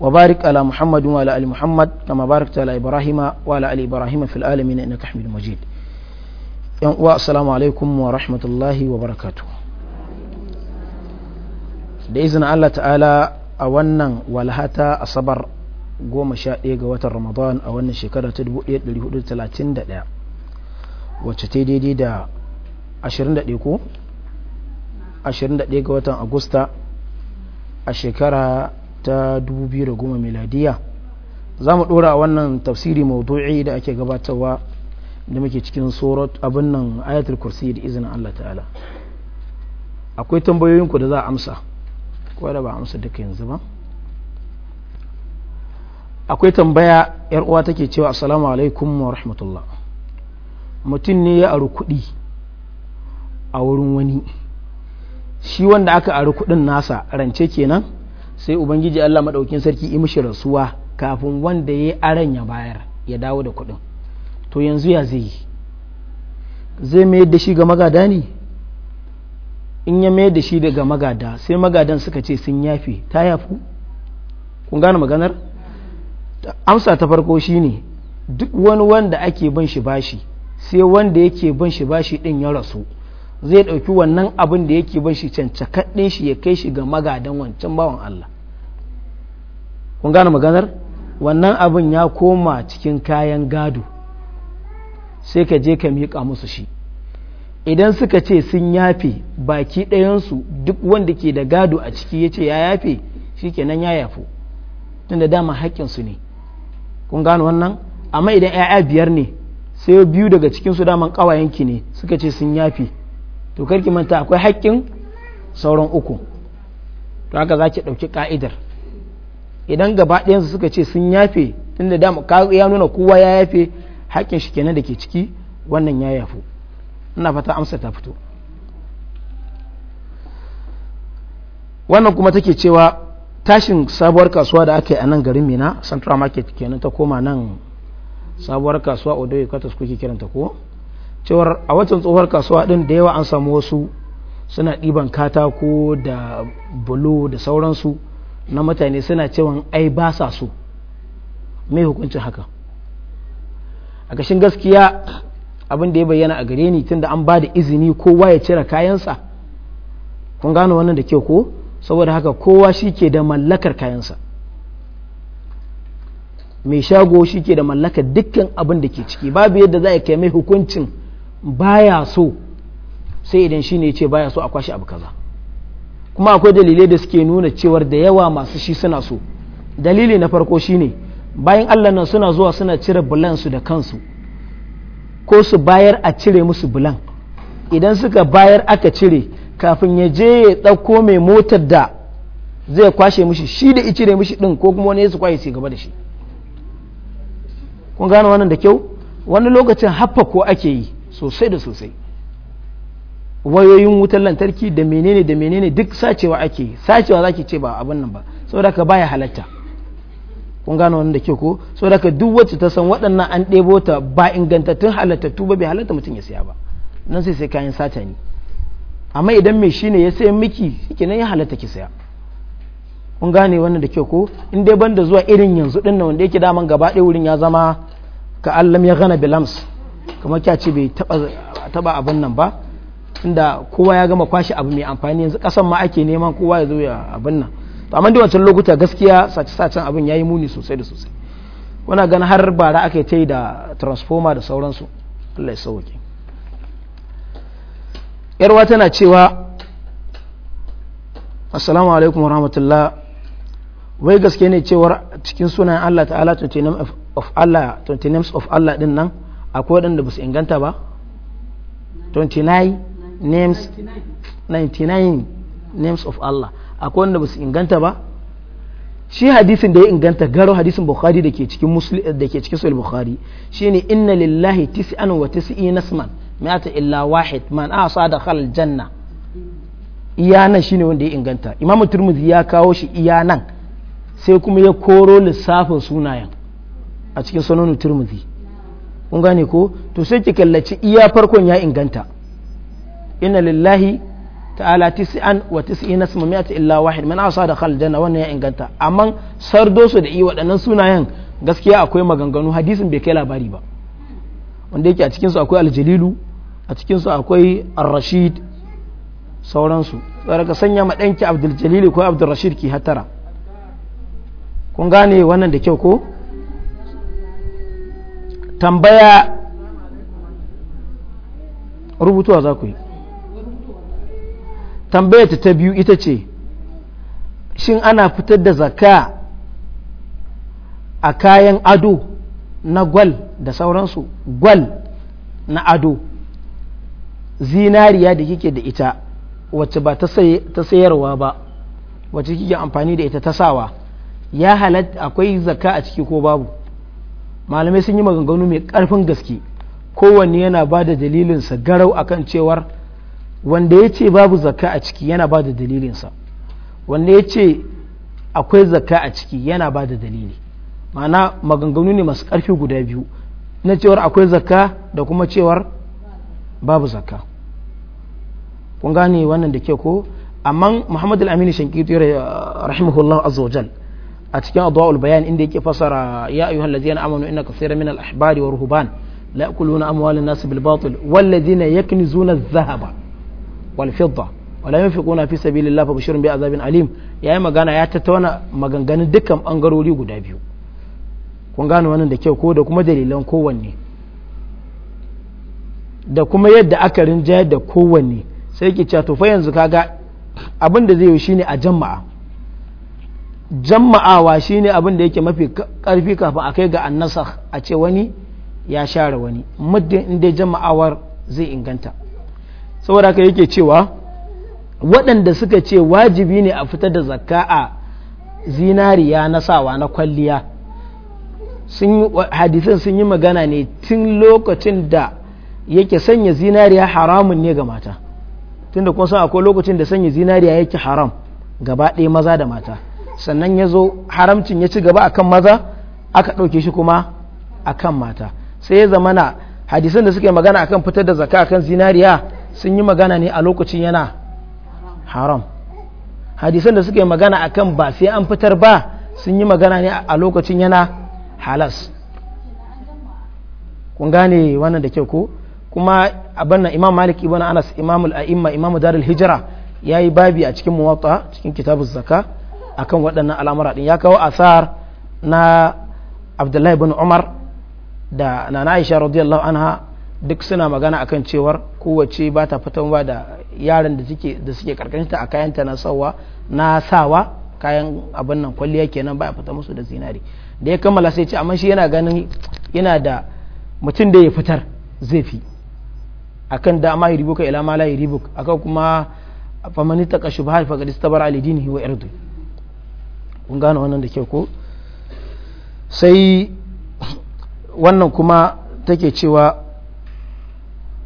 وبارك على محمد وعلى آل محمد كما باركت على إبراهيم وعلى آل إبراهيم في العالمين إنك حميد مجيد السلام عليكم ورحمة الله وبركاته da izinin Allah ta'ala a wannan walhata asabar goma sha ɗaya ga watan ramadan a wannan shekara ta 1431 wacce ta daidai da 21 ko 21 ga watan agusta a shekara ta 2010 miladiya za mu ɗora wannan tafsiri maudu'i da ake gabatarwa da muke cikin surat abin nan ayatul kursi da izinin Allah ta'ala akwai tambayoyinku da za a amsa ko da ba amsa duka yanzu ba akwai tambaya yar uwa take cewa assalamu alaikum wa rahmatullah mutum ne ya aru kuɗi a wurin wani shi wanda aka aru kuɗin nasa rance kenan sai ubangiji Allah madaukin sarki yi mishi rasuwa kafin wanda ya aran ya bayar ya dawo da kuɗin to yanzu ya zai zai mayar da shi ga magada ne in ya mayar da shi daga magada sai magadan suka ce sun yafe ta yafu kun gane maganar amsa ta farko shine duk wani wanda ake bin shi bashi sai wanda yake bin shi bashi din ya rasu zai ɗauki wannan abin da yake bar shi cancakaɗin shi ya kai shi ga magadan wancan bawan Allah kun gane maganar wannan abin ya koma cikin kayan gado sai ka je ka miƙa musu shi idan suka ce sun yafe baki ɗayansu duk wanda ke da gado a ciki ya ce ya yafe shi kenan ya yafe tun da dama haƙƙinsu ne kun gane wannan amma idan 'ya'ya biyar ne sai biyu daga cikinsu daman ƙawayenki ne suka ce sun yafe to karki manta akwai haƙƙin sauran uku to haka za ki ɗauki ƙa'idar idan gaba ɗayansu suka ce sun yafe tunda da ya nuna kowa ya yafe haƙƙin shi kenan da ke ciki wannan ya yafu ina fata amsa ta fito wannan kuma take cewa tashin sabuwar kasuwa da aka yi a nan garin mina central market kenan ta koma nan sabuwar kasuwa odoyi kwatas kuke kiranta ko cewar a watan tsohuwar kasuwa ɗin da yawa an samu wasu suna ɗiban katako da bulo da sauransu na mutane suna cewa ai ba sa so mai hukuncin haka a kashin gaskiya abin da ya bayyana a gare ni tunda an ba da izini kowa ya cire kayansa kun gano wannan da kyau ko saboda haka kowa shi ke da mallakar kayansa mai shago shi ke da mallakar dukkan abin da ke ciki babu yadda za a kai mai hukuncin baya so sai idan shi ne ce baya so a kwashe abu kaza kuma akwai dalilai da suke nuna cewar da yawa masu shi suna so dalili na farko shi ne bayan allah nan suna zuwa suna cire bulansu da kansu ko su bayar a cire musu bulan idan suka bayar aka cire kafin ya je ya ɗauko mai motar da zai kwashe mishi shi da icire mishi ɗin ko kuma wani ya su kwashe gaba da shi kun gane wannan da kyau wani lokacin haffa ko ake yi sosai da sosai wayoyin wutar lantarki da menene da menene duk sacewa ake sacewa zaki ce ba abin nan ba saboda ka baya halatta kun gano wannan da ke ko saboda ka duk wacce ta san waɗannan an ɗebo ta ba ingantattun halattattu ba bai halatta mutum ya siya ba nan sai sai kayan sata ne amma idan mai shine ya sayan miki nan ya halatta ki saya kun gane wannan da ke ko in dai banda zuwa irin yanzu din nan wanda yake daman gaba ɗaya wurin ya zama ka allam ya gana bilams kamar kya ce bai taba abin nan ba inda kowa ya gama kwashe abu mai amfani yanzu kasan ma ake neman kowa ya zo ya abin nan to amma da wancan lokuta gaskiya sace-sacen abin yayi muni sosai da sosai kuna gan har bara aka ta yi da transformer da sauransu Allah ya sauke yarwa tana cewa assalamu alaikum wa rahmatullah wai gaske ne cewar cikin sunayen Allah ta'ala 29 of Allah 29 of Allah din nan akwai waɗanda ba su inganta ba 29 names 99 names of Allah akwai wanda ba su inganta ba shi hadisin da ya inganta garo hadisin bukhari da ke cikin muslim da ke cikin sahih bukhari shine inna lillahi tis'an wa tis'ina isman mi'ata illa wahid man asa dakhala janna iyanan shine wanda ya inganta imamu turmuzi ya kawo shi iyanan sai kuma ya koro lissafin sunayen a cikin sunan turmuzi kun gane ko to sai ki kallaci iya farkon ya inganta inna lillahi ta'ala tis'an wa mi'ati illa wahid man asa da khal wannan ya inganta amma sardo su da i waɗannan sunayen gaskiya akwai maganganu hadisin bai kai labari ba wanda yake a cikin su akwai aljalilu a cikin su akwai ar-rashid sauransu ka sanya ma danki abdul jalili ko abdul rashid ki hatara kun gane wannan da kyau ko tambaya rubutuwa za ku yi tambaya ta biyu ita ce shin ana fitar da zakka a kayan ado na gwal da sauransu gwal na ado zinariya da kike da ita wacce ba ta sayarwa ba wacce kike amfani da ita ta sawa ya halatta akwai zakka a ciki ko babu malamai sun yi maganganu mai karfin gaske kowanne yana ba da dalilinsa garau akan cewar wanda ya ce babu zakka a ciki yana ba da dalilinsa wanda ya ce akwai zaka a ciki yana ba da dalili ma'ana maganganu ne masu karfi guda biyu na cewar akwai zaka da kuma cewar babu zaka. kun gane wannan da ke ko amma muhammadu al-amini shankiti rahimahullah azza a cikin adwa'ul bayan inda yake fasara ya ayyuhal ladzina amanu inna kaseera min al ahbari wa ruhban la yakuluna amwalan nas bil batil wal ladzina yaknizuna adh-dhahaba wal fidda wa la yunfiquna fi sabilillahi fabashshirhum bi azabin alim yayi magana ya tattauna maganganun dukkan bangarori guda biyu kun gane wannan da kyau ko da kuma dalilan kowanne da kuma yadda aka rinjayar da kowanne sai ki cato to fa yanzu kaga abin da zai yi ne a jama'a shi shine abin da yake mafi karfi kafin a kai ga annasakh a ce wani ya share wani muddin inda jama'awar zai inganta saboda haka yake cewa waɗanda suka ce wajibi ne a fitar da zakka a zinariya na sawa na kwalliya hadisan sun yi magana ne tun lokacin da yake sanya zinariya haramun ne ga mata tun da kuma san akwai lokacin da sanya zinariya yake haram gaba ɗaya maza da mata sannan ya zo haramcin ya ci gaba akan maza aka ɗauke shi kuma akan mata sai ya zamana hadisan da suke magana akan fitar da zaka akan zinariya sun yi magana ne a lokacin yana haram hadisan da suke magana akan ba sai an fitar ba sun yi magana ne a lokacin yana halas kun gane wannan da kyau ko kuma abin nan imam malik ibn anas imamul a'imma imamu darul hijira yayi babi a cikin muwatta cikin kitabuz zaka. akan waɗannan al'amura ɗin ya kawo asar na abdullahi bin umar da nana aisha radiyallahu anha duk suna magana akan cewar kowace ba ta fitan ba da yaran da suke da suke a kayanta na sawa na sawa kayan abin nan kwalliya kenan ba ya fita musu da zinari da ya kammala sai ce amma shi yana ganin yana da mutum da ya fitar zai fi akan da ma yuribuka ila ma la yuribuk akan kuma famanita ka shubha fa qad istabara li wa kun gane wannan da kyau ko sai wannan kuma take cewa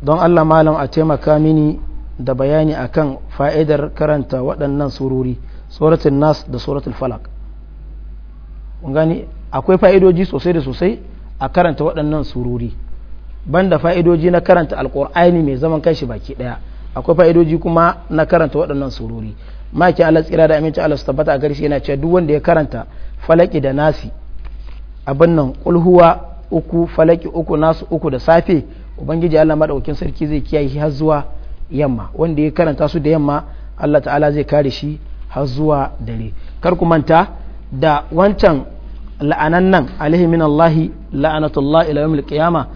don allah malam a taimaka mini da bayani akan fa'idar karanta waɗannan sururi suratul nas da suratul falak kun gani akwai fa'idoji sosai da sosai a karanta waɗannan sururi banda fa'idoji na karanta alƙur'ani mai zaman shi baki ɗaya akwai fa'idoji kuma na karanta waɗannan sururi. maki Allah tsira da aminci Allah su tabbata a yana cewa duk wanda ya karanta falaki da nasi abin nan kulhuwa uku falaki uku nasu uku da safe ubangiji Allah madaukakin sarki zai kiyaye shi har zuwa yamma wanda ya karanta su da yamma Allah ta'ala zai kare shi har zuwa dare kar ku manta da wancan la'anan nan alaihi min Allah la'anatullah ila yawmil qiyama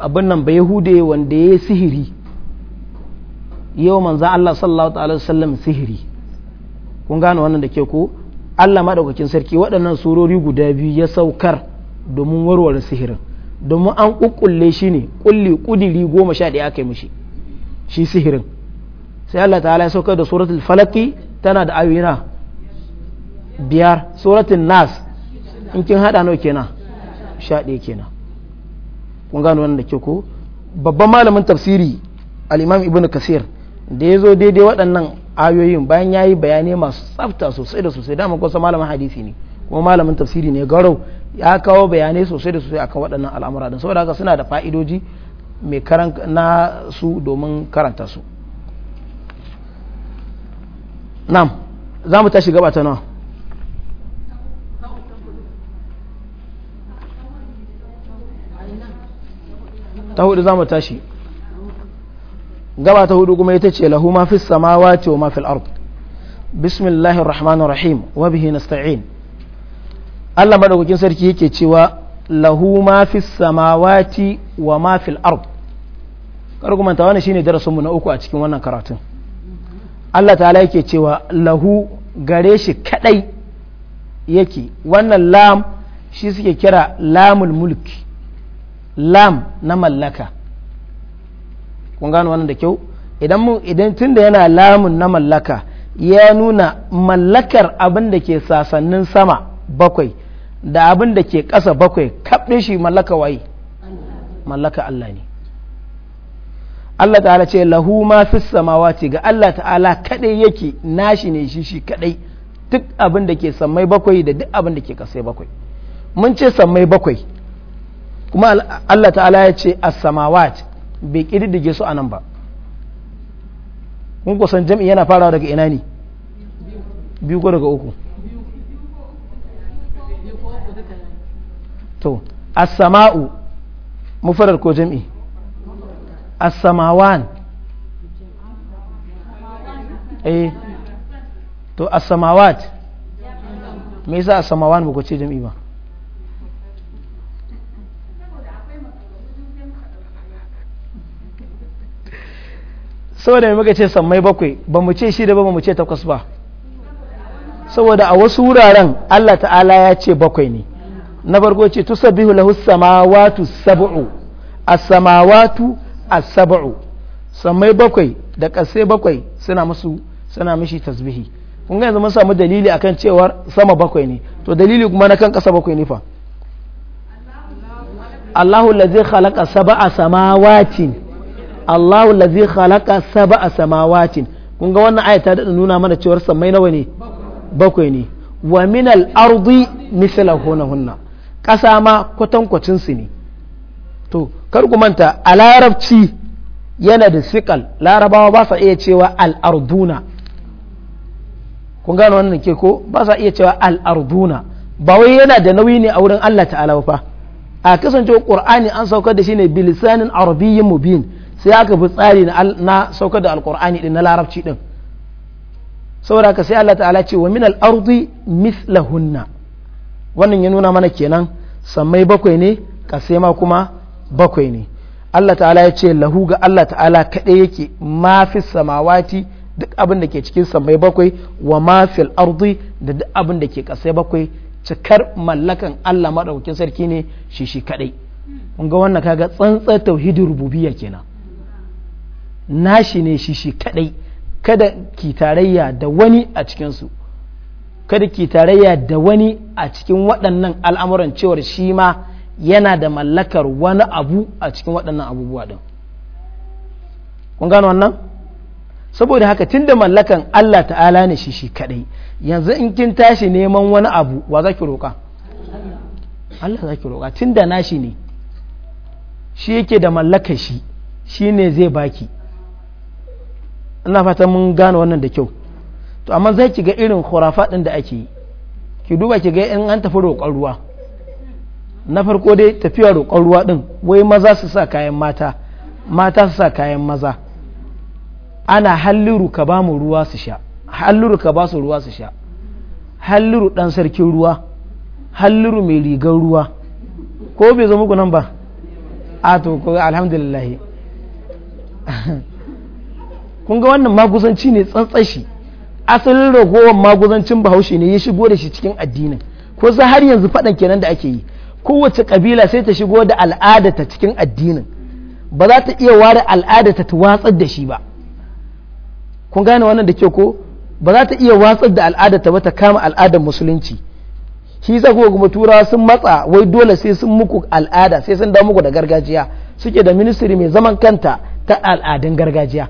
abin nan ba hude wanda yayi sihiri yau manzo Allah sallallahu alaihi wasallam sihiri kun gane wannan da ke ko Allah madaukakin sarki waɗannan surori guda biyu ya saukar domin warware sihirin domin an kukkulle shi ne kulli kudiri goma sha ɗaya aka yi mishi shi sihirin sai Allah ta'ala ya saukar da suratul falaki tana da ayoyina biyar suratul nas in kin hada nawa kenan sha ɗaya kenan kun gano wannan da ke ko babban malamin tafsiri al-imam ibnu kasir da ya zo daidai waɗannan ayoyin bayan yayi bayanai masu tsafta sosai da sosai dama kusa malamin hadisi ne kuma malamin tafsiri ne garau ya kawo bayanai sosai da sosai akan waɗannan al'amura din saboda haka suna da fa'idoji mai karan na su domin karanta su nam za mu tashi gaba ta nawa ta hudu za mu tashi gaba ta hudu kuma ita ce lahu ma fis samawati wa ma fil ard bismillahir rahmanir rahim wa bihi nasta'in Allah madaukakin sarki yake cewa lahu ma fis samawati wa ma fil ard kar kuma ta wani shine darasin mu na uku a cikin wannan karatun Allah ta'ala yake cewa lahu gare shi kadai yake wannan lam shi suke kira lamul mulki lam na mallaka kun gano wannan da kyau idan mun idan tunda yana lamun na mallaka ya nuna mallakar abin da ke sasannin sama bakwai da abin da ke ƙasa bakwai kaɗin shi mallaka waye mallaka Allah ne Allah ta'ala ce lahu ma fi samawati ga Allah ta'ala kaɗai yake nashi ne shi shi kaɗai duk abin da ke sammai bakwai da duk abin da ke ƙasai bakwai mun ce sammai bakwai kuma Allah ta'ala ya ce as-samawat bai kididdige su a nan ba kunko kusan jam'i yana farawa daga ina ne biyu ko daga uku to as-sama'u mufrad ko jam'i as-samawan eh to as-samawat me yasa as-samawan ba ko ce jam'i ba saboda muka ce sammai bakwai ba mu ce shida ba ba mu ce takwas ba saboda a wasu wuraren Allah ta'ala ya ce bakwai ne na farko ce tusabbihu lahu samawatu sab'u as-samawatu as-sab'u sammai bakwai da kasai bakwai suna musu suna mishi tasbihi kun ga yanzu mun samu dalili akan cewar sama bakwai ne to dalili kuma na kan kasa bakwai ne fa Allahu allazi khalaqa sab'a samawati Allahu lazi khalaka sab'a samawatin kun ga wannan ayata da nuna mana cewar samai nawa ne bakwai ne wa min al-ardi hunna ƙasa ma kwatankwacin su ne to kar ku manta a larabci yana da sikal larabawa ba sa iya cewa al-arduna kun gano wannan ke ko ba sa iya cewa al-arduna ba wai yana da nauyi ne a wurin Allah ta'ala ba a kasance ƙur'ani an saukar da shi ne bilisanin arabiyyin mubin sai aka fi tsari na saukar da alkur'ani din na larabci din saboda ka sai Allah ta'ala ce wa min al-ardi mithlahunna wannan ya nuna mana kenan samai bakwai ne kasai ma kuma bakwai ne Allah ta'ala ya ce lahu ga Allah ta'ala kaɗai yake ma fi samawati duk abin da ke cikin samai bakwai wa ma al ardi da duk abin da ke kasai bakwai cikar mallakan Allah madaukakin sarki ne shi shi kaɗai kun ga wannan kaga tsantsar tauhidin rububiyya kenan nashi ne shi shi kadai kada ki tarayya da wani a cikinsu kada ki tarayya da wani a cikin waɗannan al'amuran cewar shi ma yana da mallakar wani abu a cikin waɗannan abubuwa ɗin kun gano wannan saboda haka tun da mallakan Allah ta'ala ne shi shi kadai yanzu in kin tashi neman wani abu wa za ki roƙa Allah za ki roƙa tun da nashi ne shi yake da mallakar shi shi ne zai baki ina fata mun gane wannan da kyau to amma zai ki ga irin khurafa din da ake yi ki duba ki ga in an tafi roƙon ruwa na farko dai tafiya roƙon ruwa din wai maza su sa kayan mata mata su sa kayan maza ana halliru ka ba mu ruwa su sha halliru ka ba su ruwa su sha halliru dan sarkin ruwa halliru mai rigar ruwa ko bai zo muku nan ba a to alhamdulillah kun ga wannan maguzanci ne tsantsashi asalin ragowar maguzancin bahaushe ne ya shigo da shi cikin addinin ko sai har yanzu faɗan kenan da ake yi kowace kabila sai ta shigo da al'adata cikin addinin ba za ta iya ware al'adata ta watsar da shi ba kun gane wannan da ke ko ba za ta iya watsar da al'adata ba ta kama al'adar musulunci shi za ku kuma turawa sun matsa wai dole sai sun muku al'ada sai sun da muku da gargajiya suke da ministry mai zaman kanta ta al'adun gargajiya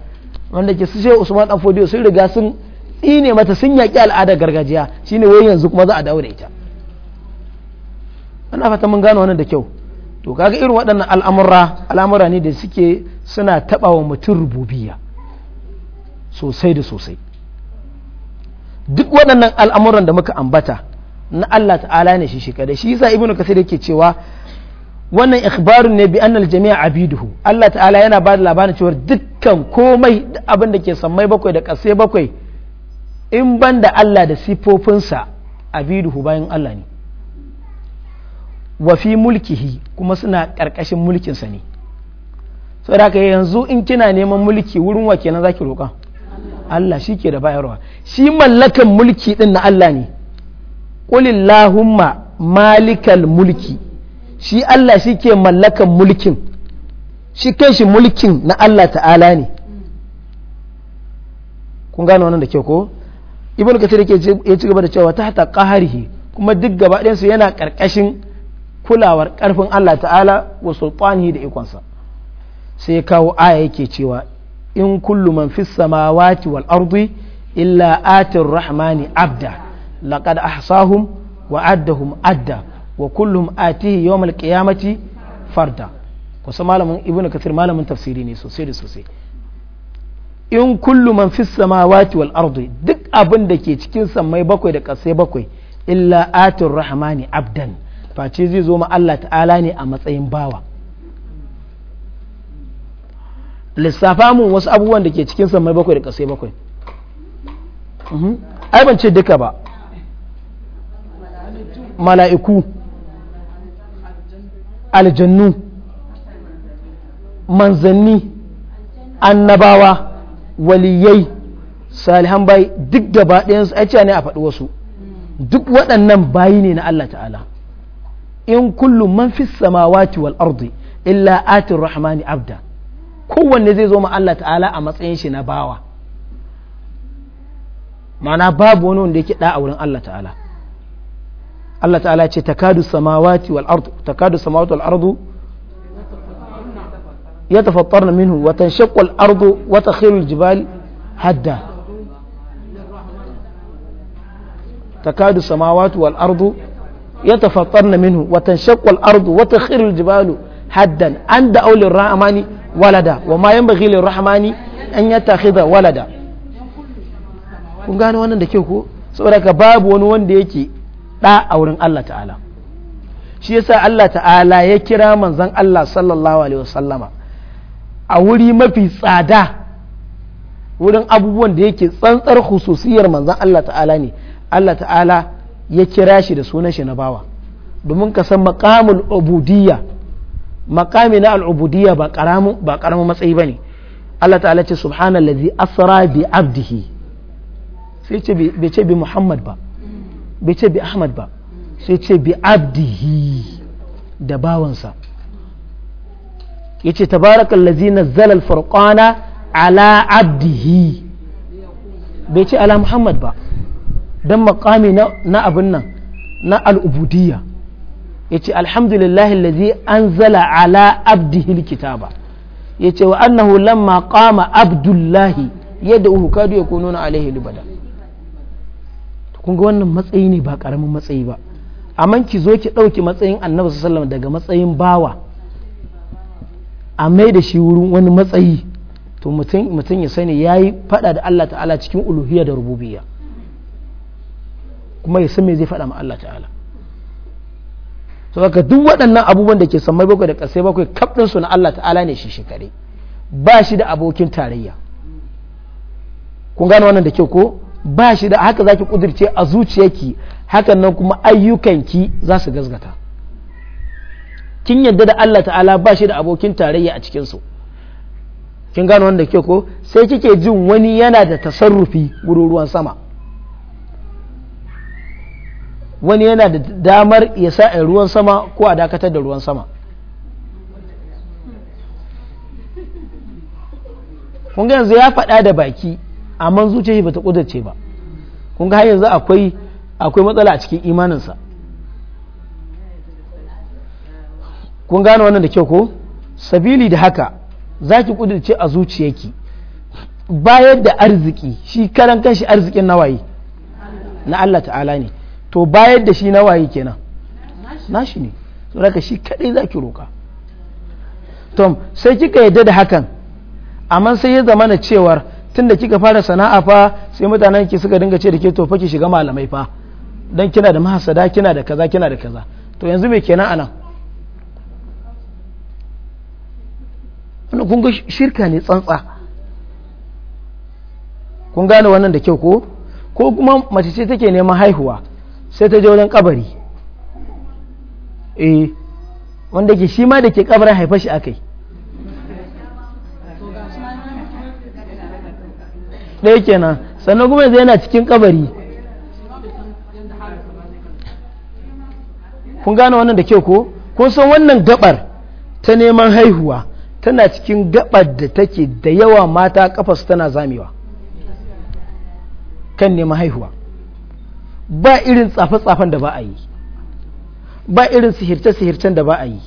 wanda ke su shehu usman dan fodiyo sun riga sun tsine mata sun yaki al'adar gargajiya shine wai yanzu kuma za a dawo da ita ana fata mun gano wannan da kyau to kaga irin waɗannan al'amura al'amura ne da suke suna taɓa wa mutum rububiya sosai da sosai duk waɗannan al'amuran da muka ambata na Allah ta'ala ne shi shi kada shi yasa ibnu kasir yake cewa wannan ikhbarun ne bi annal jami'a abiduhu Allah ta'ala yana ba da labarin cewa dukkan komai abin da ke sammai bakwai da ƙasai bakwai in ban da Allah da sifofinsa abiduhu bayan Allah ne wa fi mulkihi kuma suna ƙarƙashin mulkinsa ne saboda haka yanzu in kina neman mulki wurin wa kenan zaki roka Allah shi ke da bayarwa shi mallakan mulki din na Allah ne qulillahumma malikal mulki shi Allah shi ke mallakan mulkin shi shi mulkin na Allah ta'ala ne kun gano wannan da ke ko ibn kasir yake ya ci gaba da cewa ta hata qaharihi kuma duk gaba ɗayansu yana ƙarƙashin kulawar ƙarfin Allah ta'ala wa sultanihi da ikonsa sai ya kawo aya yake cewa in kullu man fis samawati wal ardi illa atir rahmani abda laqad ahsahum wa addahum adda wa kullum atihi yawmal qiyamati farda kusa malamin ibn kathir malamin tafsiri ne sosai da sosai in kullu man fis samawati wal ardi duk abin da ke cikin samai bakwai da ƙasai bakwai illa atur rahmani abdan face zai zo ma Allah ta'ala ne a matsayin bawa lissafa mun wasu abubuwan da ke cikin samai bakwai da ƙasai bakwai mhm. ai ban ce duka ba mala'iku aljannu manzanni annabawa waliyai salihan bayi duk gaba ɗayansu a ne a faɗi wasu duk waɗannan bayi ne na Allah ta'ala in kullu man fi samawati wal ardi illa atir rahmani abda kowanne zai zo ma Allah ta'ala a matsayin shi na bawa ma'ana babu wani wanda yake da a wurin Allah ta'ala Allah ta'ala ce takadu samawati wal ardu takadu samawati wal ardu yatafattarna minhu wa tanshaqqu al ardu wa takhiru al jibal hadda takadu samawati wal ardu yatafattarna minhu wa tanshaqqu al ardu wa takhiru al jibalu haddan an da aulin rahmani walada wa ma yan bagilin rahmani an ya walada kun gane wannan da kyau ko saboda ka babu wani wanda yake ɗa a wurin Allah ta'ala shi yasa Allah ta'ala ya kira manzon Allah sallallahu alaihi wasallama a wuri mafi tsada wurin abubuwan da yake tsantsar hususiyar manzon Allah ta'ala ne Allah ta'ala ya kira shi da sunan shi na bawa domin ka san maqamul ubudiyya maqami na al'ubudiyya ba karamin ba karamin matsayi bane Allah ta'ala ce subhanallazi asra bi abdihi sai ce bai ce bi Muhammad ba bai ce bi ahmad ba sai ce bi abdihi da bawansa ya ce tabarakan lazina zalal farkana ala abdihi bai ce ala muhammad ba don makami na abin nan na al'ubudiyya ya ce alhamdulillah lazi an zala ala abdihi kitaba ya ce wa annahu lamma kama abdullahi yadda uhu kadu ya kununa na alaihi libada kun ga wannan matsayi ne ba karamin matsayi ba amma ki zo ki ɗauki matsayin annabi sallam daga matsayin bawa a mai da shi wurin wani matsayi to mutum ya sani ya yi faɗa da Allah ta'ala cikin uluhiyya da rububiyya kuma ya san me zai faɗa ma Allah ta'ala to haka duk waɗannan abubuwan da ke sammai bakwai da ƙasai bakwai kaf su na Allah ta'ala ne shi shekare ba shi da abokin tarayya kun gane wannan da kyau ko ba shi da haka zaki kudirce a zuciyarki hakan nan kuma ayyukanki za su gazgata kin yadda da Allah ta'ala ba shi da abokin tarayya a cikinsu kin gano wanda ke ko sai kike jin wani yana da tasarrufi wurin ruwan sama wani yana da damar ya sa a ruwan sama ko a dakatar da ruwan sama kun yanzu ya faɗa da baki amma zuciya shi bata kudace ba kun ga har yanzu akwai akwai matsala a cikin imaninsa kun gane wannan da kyau ko sabili da haka za ki kudirce a zuciyarki bayar da arziki shi karan kanshi arzikin nawayi na Allah ta'ala ne to bayar da shi nawayi kenan nashi ne saboda shi kadai za ki roka tom sai kika yadda da hakan amma sai ya zama na cewar tun da kika fara sana'a fa sai mutanen ki suka dinga ce da ke to fa ki shiga malamai fa dan kina da mahasada kina da kaza kina da kaza to yanzu me kenan anan wannan kun ga shirka ne tsantsa kun gane wannan da kyau ko ko kuma mace ce take neman haihuwa sai ta je wajen kabari eh wanda ke shi ma da ke kabarin haifa shi akai ɗaya kenan sannan kuma yanzu yana cikin kabari kun gane wannan da kyau ko kun san wannan gabar ta neman haihuwa tana cikin gabar da take da yawa mata kafasu tana zamewa kan neman haihuwa ba irin tsafe-tsafen da ba a yi ba irin sihirce-sihircen da ba a yi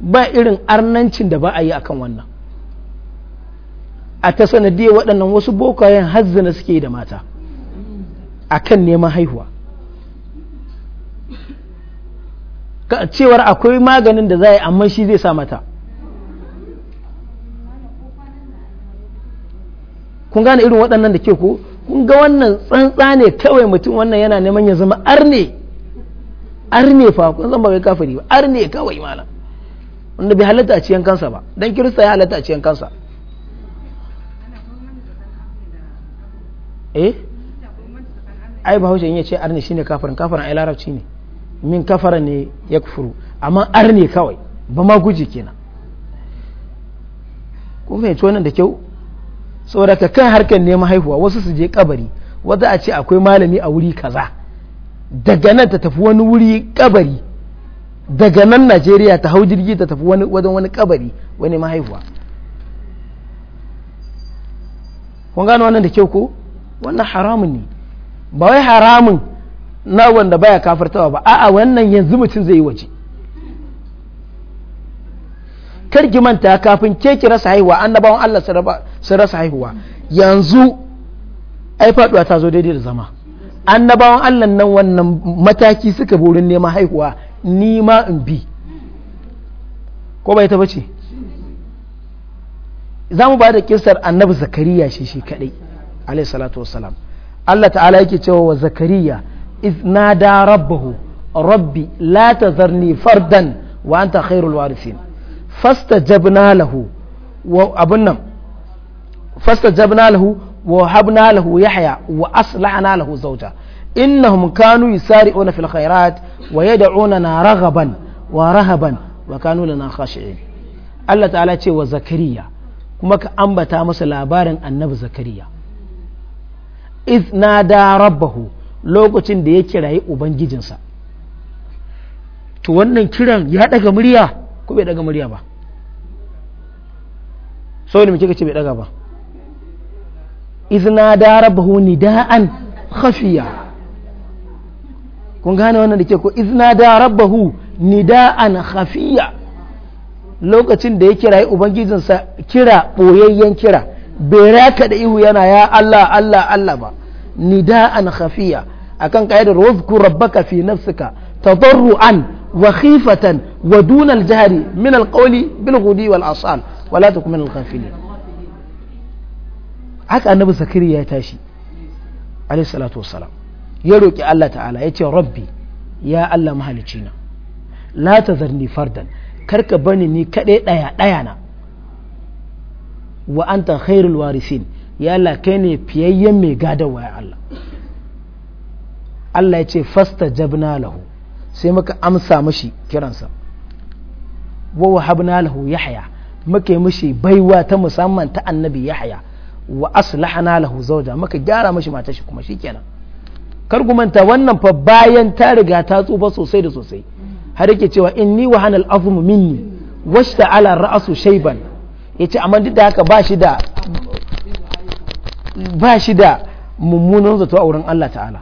ba irin arnancin da ba a yi akan wannan a ta sanadiyar waɗannan wasu bokayen hazzana suke da mata a kan neman haihuwa cewar akwai maganin da za a yi amma shi zai sa mata kun gane irin waɗannan da ke ko kun ga wannan tsantsa ne kawai mutum wannan yana neman ya zama arne arne fa kun zama bai kafiri ba arne kawai malam wanda bai halatta a ciyan kansa ba dan kirista ya halatta a ciyan kansa eh ai bahaushe in ya ce arni shine kafirin kafirin ai larabci ne min kafara ne ya kufuru amma arni kawai ba ma guji kenan kun fahimci wannan da kyau saboda kan harkar neman haihuwa wasu su je kabari wanda a ce akwai malami a wuri kaza daga nan ta tafi wani wuri kabari daga nan najeriya ta hau jirgi ta tafi wani wajen wani kabari wani mahaifuwa kun gano wannan da kyau ko wannan haramun ne ba wai haramun na wanda baya kafartawa ba a wannan yanzu mutum zai yi waje kar ki manta kafin ke ki rasa haihuwa annabawan Allah sun rasa haihuwa yanzu ai faduwa ta zo daidai da zama annabawan Allah nan wannan mataki suka burin neman haihuwa ni ma in bi ko bai ta bace za mu ba da kisar annabi zakariya shi shi kadai alaihi salatu wassalam Allah ta'ala yake ce wa zakariya iz nada rabbahu rabbi la tazarni fardan wa anta khairul warithin fastajabna lahu wa abun nan fastajabna lahu wa habna lahu yahya wa aslahna lahu zawja innahum kanu yusari'una fil khairat wa na raghaban wa rahaban wa kanu lana khashi'in Allah ta'ala ce wa zakariya kuma ka ambata masa labarin annabi zakariya iz nada rabbahu lokacin da ya kirayi ubangijinsa to wannan kiran ya daga murya ko bai daga murya ba so ne kika ce bai daga ba iz nada rabbahu nida'an khafiya kun gane wannan da ke ko iz nada rabbahu nida'an khafiya lokacin da ya kirayi ubangijinsa kira boyayyen kira bai raka da ihu yana ya Allah Allah Allah ba nida'an khafiya akan ka'idar wazkur rabbaka fi nafsika tadarruan wa khifatan wa dun al-jahri min al-qawli bil ghudi wal asal wa la takun min al-ghafilin haka annabi zakari ya tashi alayhi salatu wassalam ya roki Allah ta'ala ya ce rabbi ya Allah mahalicina la tazarni fardan karka bani ni kadai daya daya na wa anta khairul warisin ya Allah kai ne fiyayyen mai gadawa ya Allah Allah ya ce fasta jabna lahu sai muka amsa mashi kiransa wa wahabna lahu yahya muka mashi baiwa ta musamman ta annabi yahya wa aslahana lahu zawja muka gyara mashi mata shi kuma shikenan kar gumanta wannan fa bayan ta riga ta tsufa sosai da sosai har yake cewa inni wa hanal azmu minni ala ra'su shayban ya ce amma duk da haka ba shi da mummunan zato a wurin Allah ta'ala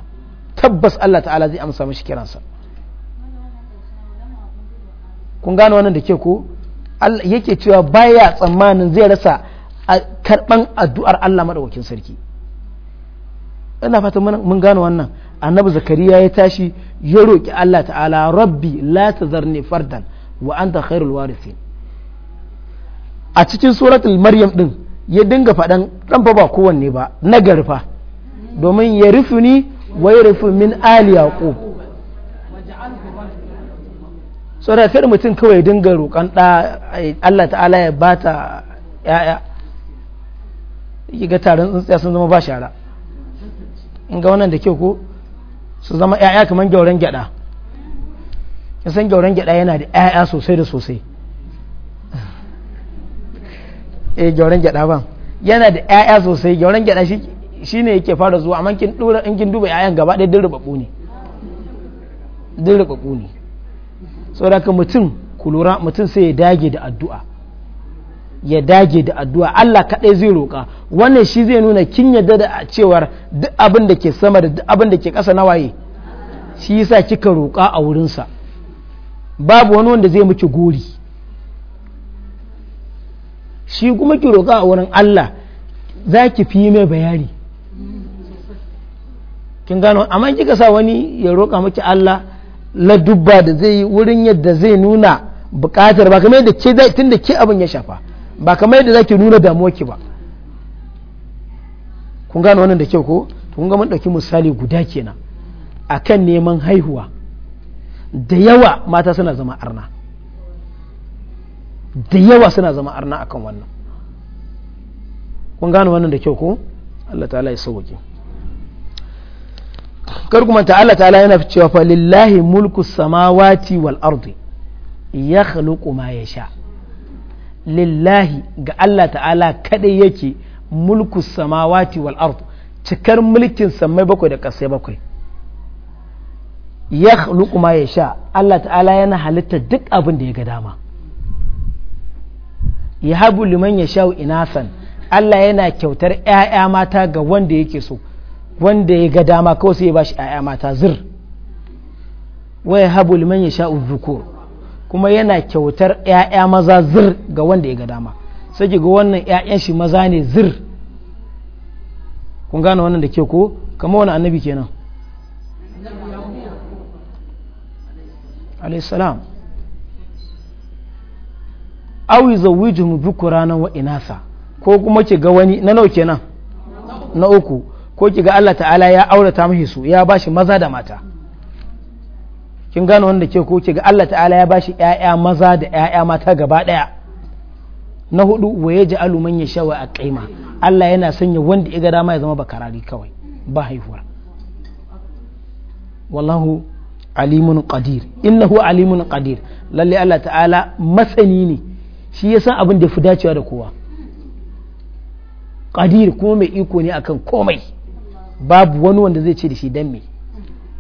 tabbas Allah ta'ala zai amsa mashi kiransa kun gano wannan da ke ko yake cewa baya tsammanin zai rasa karban addu'ar Allah madaukakin sarki ina fatan mun gano wannan annabi zakariya ya tashi ya roƙi Allah ta'ala rabbi la tazarni fardan wa anta khairul warithin a cikin suratul maryam din ya dinga faɗan ɗan fa ba kowanne ba na garfa domin ya rufu ni wai rufu min ali yaqub so da mutum kawai ya dinga roƙan da Allah ta'ala ya bata ya'ya yi ga taron tsuntsiya sun zama ba shara in ga wannan da ke ko su zama ya'ya kamar gyauran gyada san gyauran gyada yana da ya'ya sosai da sosai eh gyauran gyada ba yana da ƴaƴa sosai gyauran gyada shi shine yake fara zuwa amma kin dura in kin duba ƴaƴan gaba ɗaya dirba rubabbu ne dirba rubabbu ne saboda ka mutum kulura mutum sai ya dage da addu'a ya dage da addu'a Allah kadai zai roƙa wannan shi zai nuna kin yadda da cewar duk abin da ke sama da duk abin da ke ƙasa na waye shi yasa kika roƙa a wurinsa babu wani wanda zai miki gori shi kuma ki roƙa a wurin Allah za ki fi mai bayani kin gano amma kika sa wani ya roƙa maki Allah la dubba da zai yi wurin yadda zai nuna buƙatar ba kamar yadda ke tunda ke abin ya shafa ba kamar yadda zaki nuna damuwa ki ba kun gano wannan da kyau ko kun ga mun ɗauki misali guda kenan akan neman haihuwa da yawa mata suna zama arna da yawa suna zama arna akan wannan kun gane wannan da kyau ko Allah ta'ala ya sauke kar ta Allah ta'ala yana cewa falillahi lillahi mulku samawati wal ardi ya khluqu ma yasha lillahi ga Allah ta'ala kaɗai yake mulku samawati wal ardi cikar mulkin samai bakwai da ƙasai bakwai ya ma ya sha Allah ta'ala yana halitta duk abin da ya ga dama ya habu liman ya sha inasan Allah yana kyautar ‘ya'ya mata ga wanda yake so wanda ya ga dama kawai sai ya bashi ‘ya'ya mata zir waya habu liman ya sha zukur kuma yana kyautar ‘ya'ya maza zir ga wanda ya ga dama sai ga wannan ‘ya'yan shi maza ne zir kun gane wannan da ke ko kamar wani annabi kenan alayhi salam aw yuzawwijuhum dhukrana wa inasa ko kuma ki ga wani na nawa kenan na uku ko ki ga Allah ta'ala ya aurata mishi su ya bashi maza da mata kin gane wanda ke ko ki ga Allah ta'ala ya bashi yaya maza da yaya mata gaba ɗaya na hudu wa yaj'alu man yasha wa aqima Allah yana sanya wanda ya ga dama ya zama bakarari kawai ba haihuwa wallahu alimun qadir innahu alimun qadir lalle Allah ta'ala masani ne shi ya san abin da fi dacewa da kowa Ƙadir kuma mai iko ne akan komai babu wani wanda zai ce da shi dan me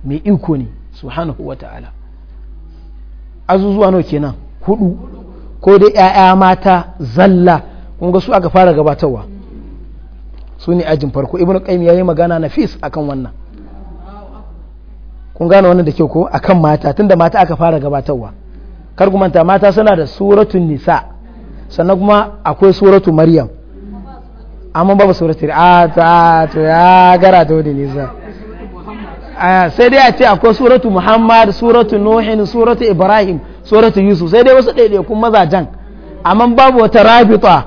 mai iko ne subhanahu ta'ala. azuzuwa nawa kenan hudu ko dai 'ya'ya mata zalla kun ga su aka fara gabatarwa su ne ajin farko ibnu qayyim yayi magana nafis akan wannan kun gane wannan da kyau ko akan mata tunda mata aka fara gabatarwa kar ku manta mata suna da suratun nisa sannan kuma akwai suratu maryam amma babu suratu a ah, ta ta ya gara ta wadda nisa ah, sai dai a ce akwai suratu muhammad suratu nuhin suratu ibrahim suratu yusuf sai dai wasu ɗaiɗaikun mazajen amma babu wata rabita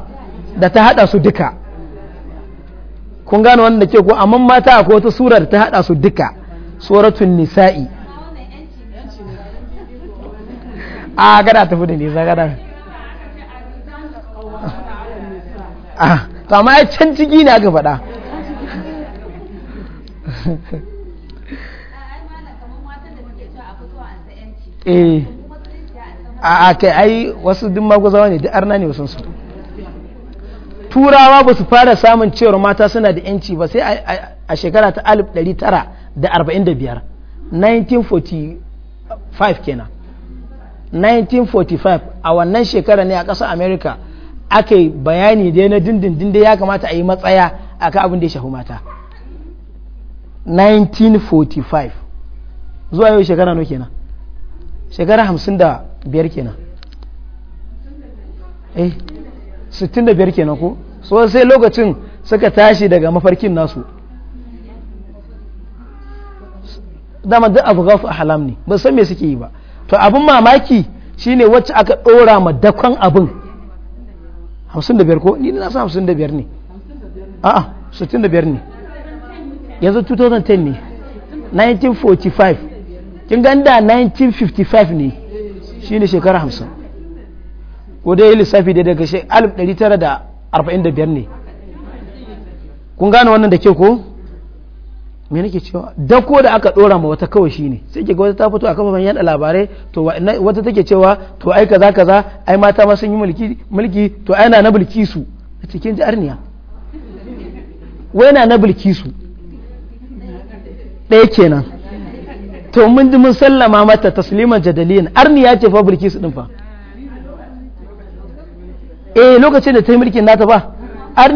da ta haɗa su duka kun gane wanda ke ko amma mata akwai wata surar da ta haɗa su duka suratun nisa'i a ah, gada ta fi da nisa gada a ah, to amma ya can ciki ne aka faɗa eh. a a kai ai wasu duk magwazawa ne duk arna ne wasansu turawa ba su fara samun cewar mata suna da yanci ba sai a shekara ta 1945 1945 kenan 1945 a wannan shekara ne a ƙasar america aka yi bayani dai na dindindin dai ya kamata a yi matsaya a ka abin da ya shafi mata 1945 zuwa yau shekara no kenan shekara hamsin da biyar kenan eh sittin da biyar kenan ko so sai lokacin suka tashi daga mafarkin nasu dama duk abu gafu a halam ne ba san me suke yi ba to abin mamaki shine wacce aka ɗora ma dakon abin hamsin da biyar ko ni na sa hamsin da biyar ne a'a sittin da biyar ne yanzu 2010 ne 1945 kin ganda 1955 ne shine shekara hamsin ko dai lissafi da daga shekarar 1945 ne kun gane wannan da ke ko me nake cewa dako da aka dora ma wata kawai shine sai kiga wata ta fito a kafafen yada labarai to wata take cewa to ai kaza kaza ai mata ma sun yi mulki mulki to ai na na bulki su a cikin jarniya wai na na bulki su ɗaya kenan to mun mun sallama mata tasliman jadalin arniya ce fa bulki su din fa eh lokacin da ta yi mulkin nata ba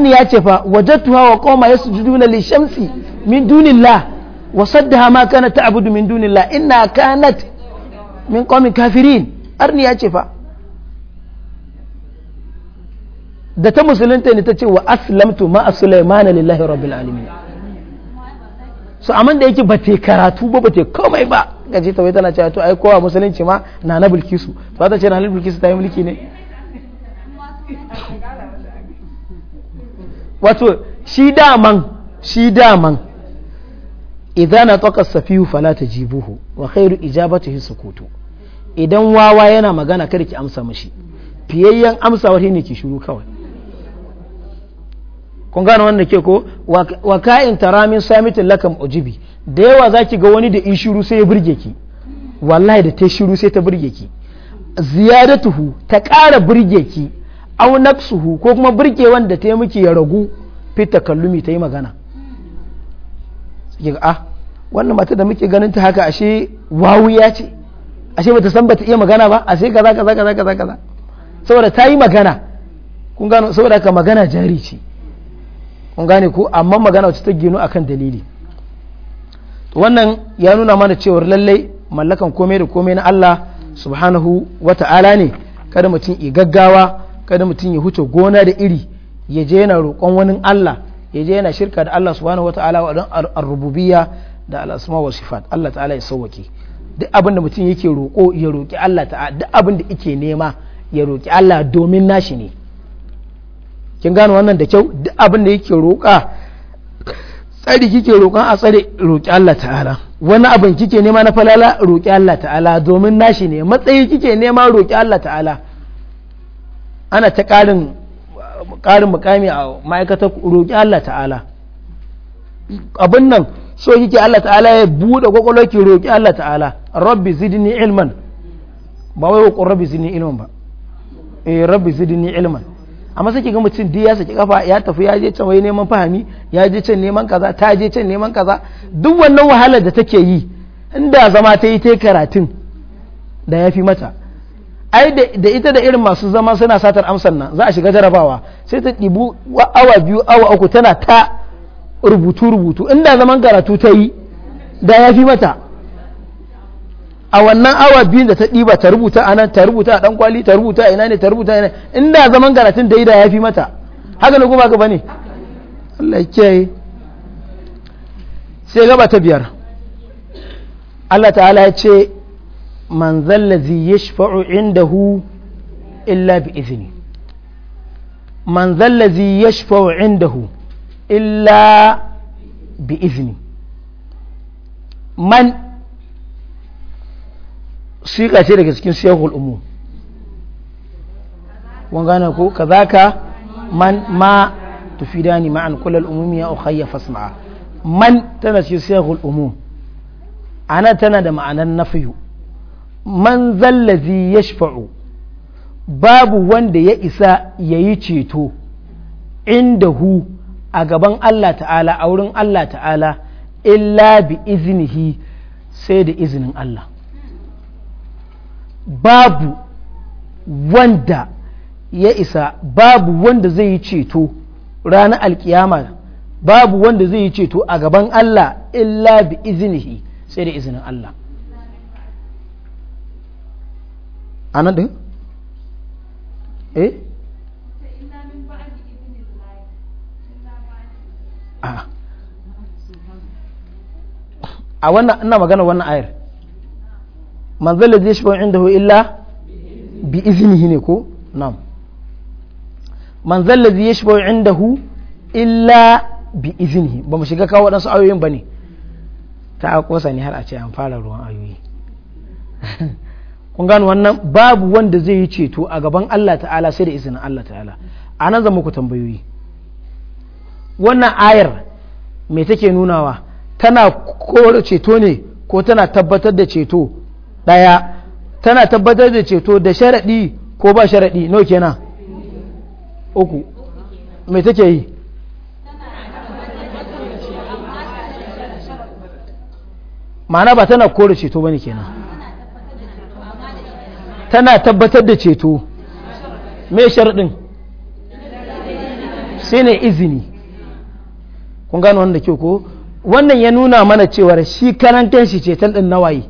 ya ce fa wajadtuha wa qauma yasjuduna li shamsi min dunillah wa saddaha ma kanat ta'budu min dunillah inna kanat min qaumin kafirin ya ce fa da ta musulunta ne ta ce wa aslamtu ma sulaimana lillahi rabbil alamin so amma da yake ba karatu ba ba komai ba gaji ta wai tana cewa to ai kowa musulunci ma na na bilkisu to ta ce na na bilkisu ta yi mulki ne wato shi daman shi daman idan na tsaka safiyu fala ta jibuhu wa khairu hin sukutu idan wawa yana magana kada ki amsa mashi fiyayyen wani ne ki shiru kawai kun gane wanda ke ko wa ka'in taramin samitin lakam ujibi da yawa za ki ga wani da in shiru sai ya burge ki wallahi da ta shiru sai ta burge ki ziyadatuhu ta kara burge ki au naqsuhu ko kuma burkewan da ta muke ya ragu fita kallumi ta yi magana a ah, wannan mata da muke ganin ta haka ashe wawu ya ce ashe bata san bata iya magana ba ashe kaza kaza kaza kaza kaza saboda ta yi magana kun gano saboda ka magana jari ce kun gane ko amma magana wacce ta gino akan dalili to wannan ya nuna mana cewar lallai mallakan komai da komai na Allah subhanahu wa ta'ala ne kada mutum i gaggawa kada mutum ya huce gona da iri ya je yana roƙon wani Allah ya je yana shirka da Allah subhanahu ta'ala wa ar-rububiyya da al-asma wa sifat Allah ta'ala ya sauwake duk abin da mutum yake roƙo ya roƙi Allah ta'ala duk abin da yake nema ya roƙi Allah domin nashi ne kin gano wannan da kyau duk abin da yake roƙa tsari kike roƙon a tsare roƙi Allah ta'ala wani abin kike nema na falala roƙi Allah ta'ala domin nashi ne matsayi kike nema roƙi Allah ta'ala ana ta ƙarin mukami a ma'aikatar roƙi Allah ta'ala abin nan so yake Allah ta'ala ya buɗe kwakwalwar ki roƙi Allah ta'ala rabbi zidini ilman ba wai wakon rabbi zidini ilman ba eh rabbi zidini ilman amma sai gama mutum duk ya saki kafa ya tafi ya je can wai neman fahimi ya je can neman kaza ta je can neman kaza duk wannan wahalar da take yi inda zama ta yi ta karatun da ya fi mata ai da ita da irin masu zama suna satar amsar nan za a shiga jarabawa sai ta ɗibu awa biyu awa uku tana ta rubutu rubutu inda zaman karatu ta yi da ya fi mata a wannan awa biyu da ta ɗiba ta rubuta a nan ta rubuta a ɗankwali ta rubuta a ina ne ta rubuta ina inda zaman karatun da yi da ya fi mata haka ne kuma ka bane Allah kiyaye sai gaba ta biyar Allah ta'ala ya ce man zallazi yashfa'u indahu illa bi izini man zallazi yashfa'u indahu illa bi izini man siga ce daga cikin siyahul umu wani gane ko ka zaka man ma tufi tufidani ma'an kulal umumi ya ukhayya fasma'a man tana cikin siyahul umu ana tana da ma'anar nafiyu man zallazi shafa'u babu wanda ya isa ya yi ceto inda hu a gaban Allah ta'ala a wurin Allah ta'ala illa bi iznihi sai da izinin Allah babu wanda ya isa babu wanda zai yi ceto ranar alkiyama babu wanda zai yi ceto a gaban Allah illa bi iznihi sai da izinin Allah a nan ɗin? eh? a ah. ah, wannan ina magana wannan ayar manzala zai shi ba'in da illa bi izinihi ne ko? nam manzala zai shi ba'in da illa bi izinihi ba mu shiga kawo waɗansu ayoyin ba ne ta kosa ne har a ce an fara ruwan ayoyi kun gano wannan babu wanda zai yi ceto a gaban Allah ta'ala sai da izinin Allah ta'ala a nan zama ku tambayoyi wannan ayar me take nunawa tana kore ceto ne ko tana tabbatar da ceto ɗaya tana tabbatar da ceto da sharaɗi ko ba sharaɗi no kenan uku me take yi ma'ana ba tana kore ceto ba ne kenan tana tabbatar da ceto me sharɗin sai ne izini kun gano wanda ke ko wannan ya nuna mana cewar shi karantar shi ceton ɗin nawaye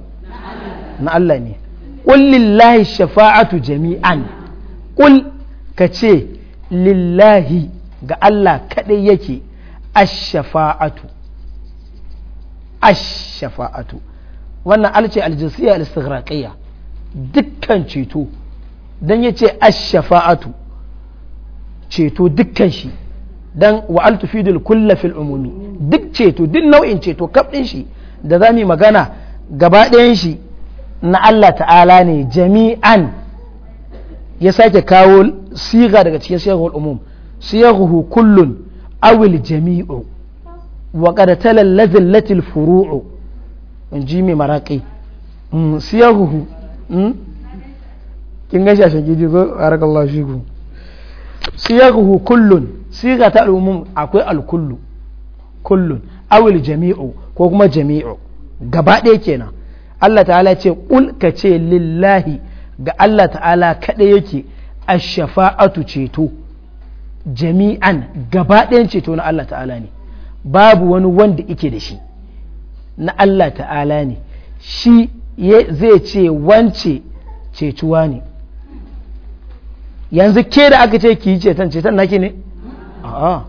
na Allah ne ƙul lillahi shafa'atu jami'an ƙul ka ce lillahi ga Allah kaɗai yake Ashafa'atu, Ashafa'atu wannan alce aljinsiya al dukkan ceto don ya ce ashafa'atu ceto dukkan shi don wa'altu fidul kulla fil umumi duk ceto duk nau'in ceto kaɗin shi da za mu magana gaba ɗayan shi na Allah ta'ala ne jami'an ya sake kawo siga daga cikin siyahul umum siyahuhu kullun awil jami'u wa qad talal lazillatil furu'u in ji mai maraƙi mm, siyahuhu Hmm? kin gashi a shagidi ko a rakallah shi ku kullun siga ta al'umum akwai alkullu kullun awil jami'u ko kuma jami'u gaba ɗaya kenan Allah ta'ala ce kul ka ce lillahi ga Allah ta'ala kaɗai yake ash-shafa'atu ceto jami'an gaba ɗayan ceto na Allah ta'ala ne babu wani wanda yake da shi na Allah ta'ala ne shi zai ce wance cecuwa ne yanzu ke da aka ce ki yi ceton ceton naki ne a'a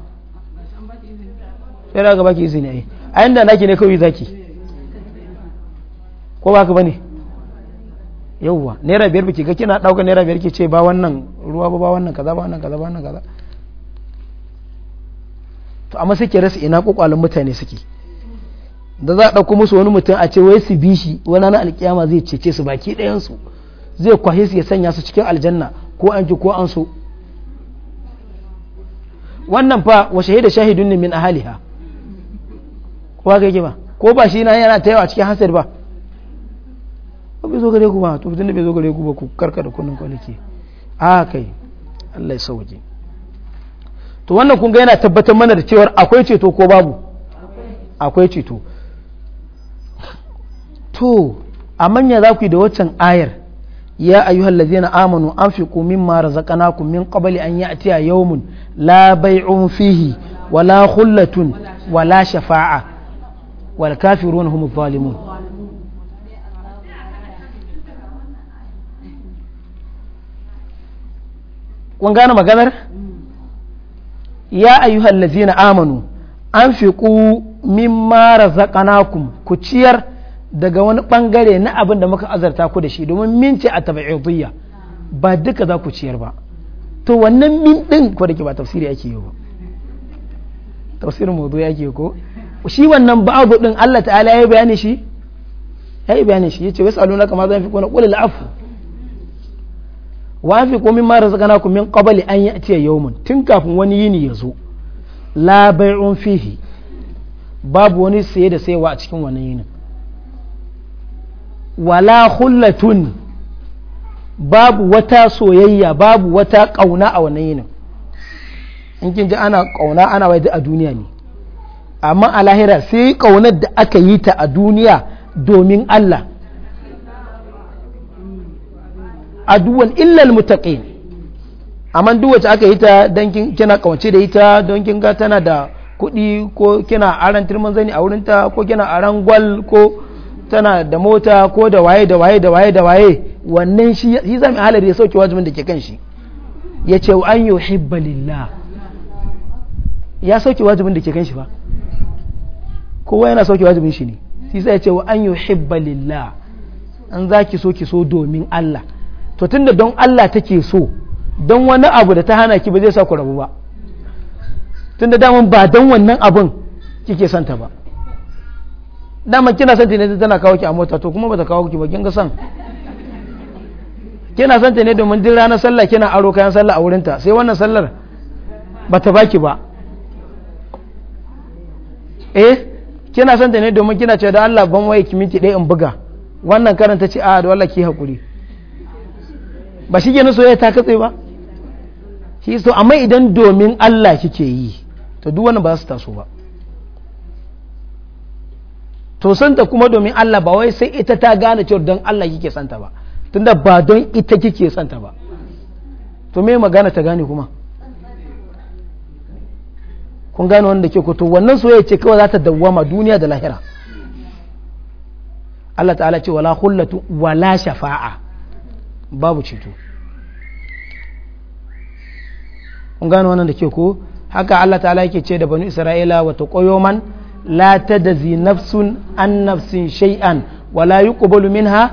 sai da aka baki izini ne a yanda naki ne kawai zaki ko ba ka bane yauwa naira biyar biki ga kina ɗauka naira biyar ke ce ba wannan ruwa ba ba wannan kaza ba wannan kaza ba wannan kaza to amma sai ke rasa ina kokwalin mutane suke da za a ɗauko musu wani mutum a ce wai su bi shi wani na alkiyama zai cece su baki ɗayansu zai kwashe su ya sanya su cikin aljanna ko an ki ko an so wannan fa wa shahida shahidun ne min ahaliha kowa ga ba ko ba shi na yana ta yawa cikin hasad ba ko bai zo gare ku ba to fitin da bai zo gare ku ba ku karka da kunnin kwanaki a kai Allah ya sauke to wannan kun ga yana tabbatar mana da cewa akwai ceto ko babu akwai ceto to a manya za ku yi da waccan ayar ya ayyuhal ladzina amanu an fi kumin mara razaqnakum min qabli an ya'tiya yawmun la bay'un fihi wala khullatun wala shafa'a wal kafirun hum adh-dhalimun kun gane maganar ya ayyuhal ladzina amanu an fi kumin mara razaqnakum ku ciyar daga wani bangare na abin da muka azarta ku da shi domin mince a tabi'idiyya ba duka za ku ciyar ba to wannan min din ko da ke ba tafsiri ake yi ba tafsirin mawdu yake ko shi wannan babu din Allah ta'ala ya bayani shi ya yi bayani shi yace aluna kamar zan fi kuna qul afu wa fi kum mimma razaqnakum min qabli an ya'tiya yawmun tun kafin wani yini ya zo la bai'un fihi babu wani saye da sayewa a cikin wannan yinin wala hullatun babu wata soyayya babu wata ƙauna a wannan yinin in kin ji ana ƙauna ana wai a duniya ne amma a lahira sai ƙaunar da aka yi ta a duniya domin Allah aduwan illal mutaqin amma duk wacce aka yi ta don kina kawance da ita don kin ga tana da kuɗi ko kina aran turmin zani a wurinta ko kina aran gwal ko tana da mota ko da waye da waye da waye da waye wannan shi shi zai mai halar ya sauke wajibin da ke kan shi ya ce wa an yuhibba lillah ya sauke wajibin da ke kan shi ba kowa yana sauke wajibin shi ne shi sai ya ce wa an yuhibba lillah an ki so ki so domin Allah to tunda don Allah take so don wani abu da ta hana ki ba zai sa ku rabu ba tunda daman ba don wannan abun kike santa ba dama kina son ta ne tana kawo ki a mota to kuma bata kawo ki ba kin ga san kina son ta ne domin din ranar sallah kina aro kayan sallah a wurinta sai wannan sallar bata baki ba eh kina son ta ne domin kina cewa da Allah ban waye ki miki ɗaya in buga wannan karanta ce a ah, da wallahi ki hakuri ba shi kenan ya ta katse ba shi so amma idan domin Allah kike yi to duk wannan ba su taso ba to santa kuma domin Allah ba wai sai ita ta gane cewa don Allah kike santa ba tunda ba don ita kike santa ba to me magana ta gane kuma kun gane wanda ke ko to wannan soyayya ce kawai za ta dawwama duniya da lahira Allah ta'ala ce wala hullatu wala shafa'a babu ceto kun gane wannan da ke ko haka Allah ta'ala yake ce da banu Isra'ila wa taqayyuman la tadzi nafsun an nafsin shay'an wala yuqbalu minha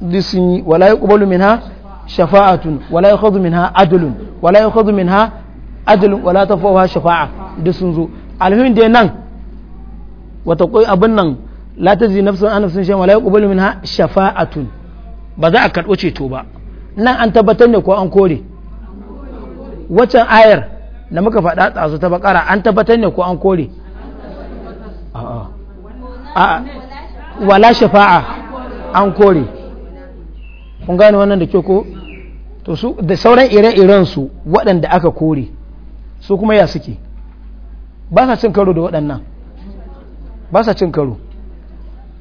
disin wala yuqbalu minha shafa'atun wala yukhadhu minha adlun wala yukhadhu minha adlun wala tafawa shafa'a zo alhin nan wata koi abin nan la tadzi nafsun an nafsin shay'an wala yuqbalu minha shafa'atun ba za a karɓo ceto ba nan an tabbatar ne ko an kore waccan ayar da muka faɗa tsazu ta bakara an tabbatar ne ko an kore wala shafa'a an kore kun gane wannan da ke ko to su da sauran ire-iren su waɗanda aka kore su kuma ya suke ba sa cin karo da waɗannan ba sa cin karo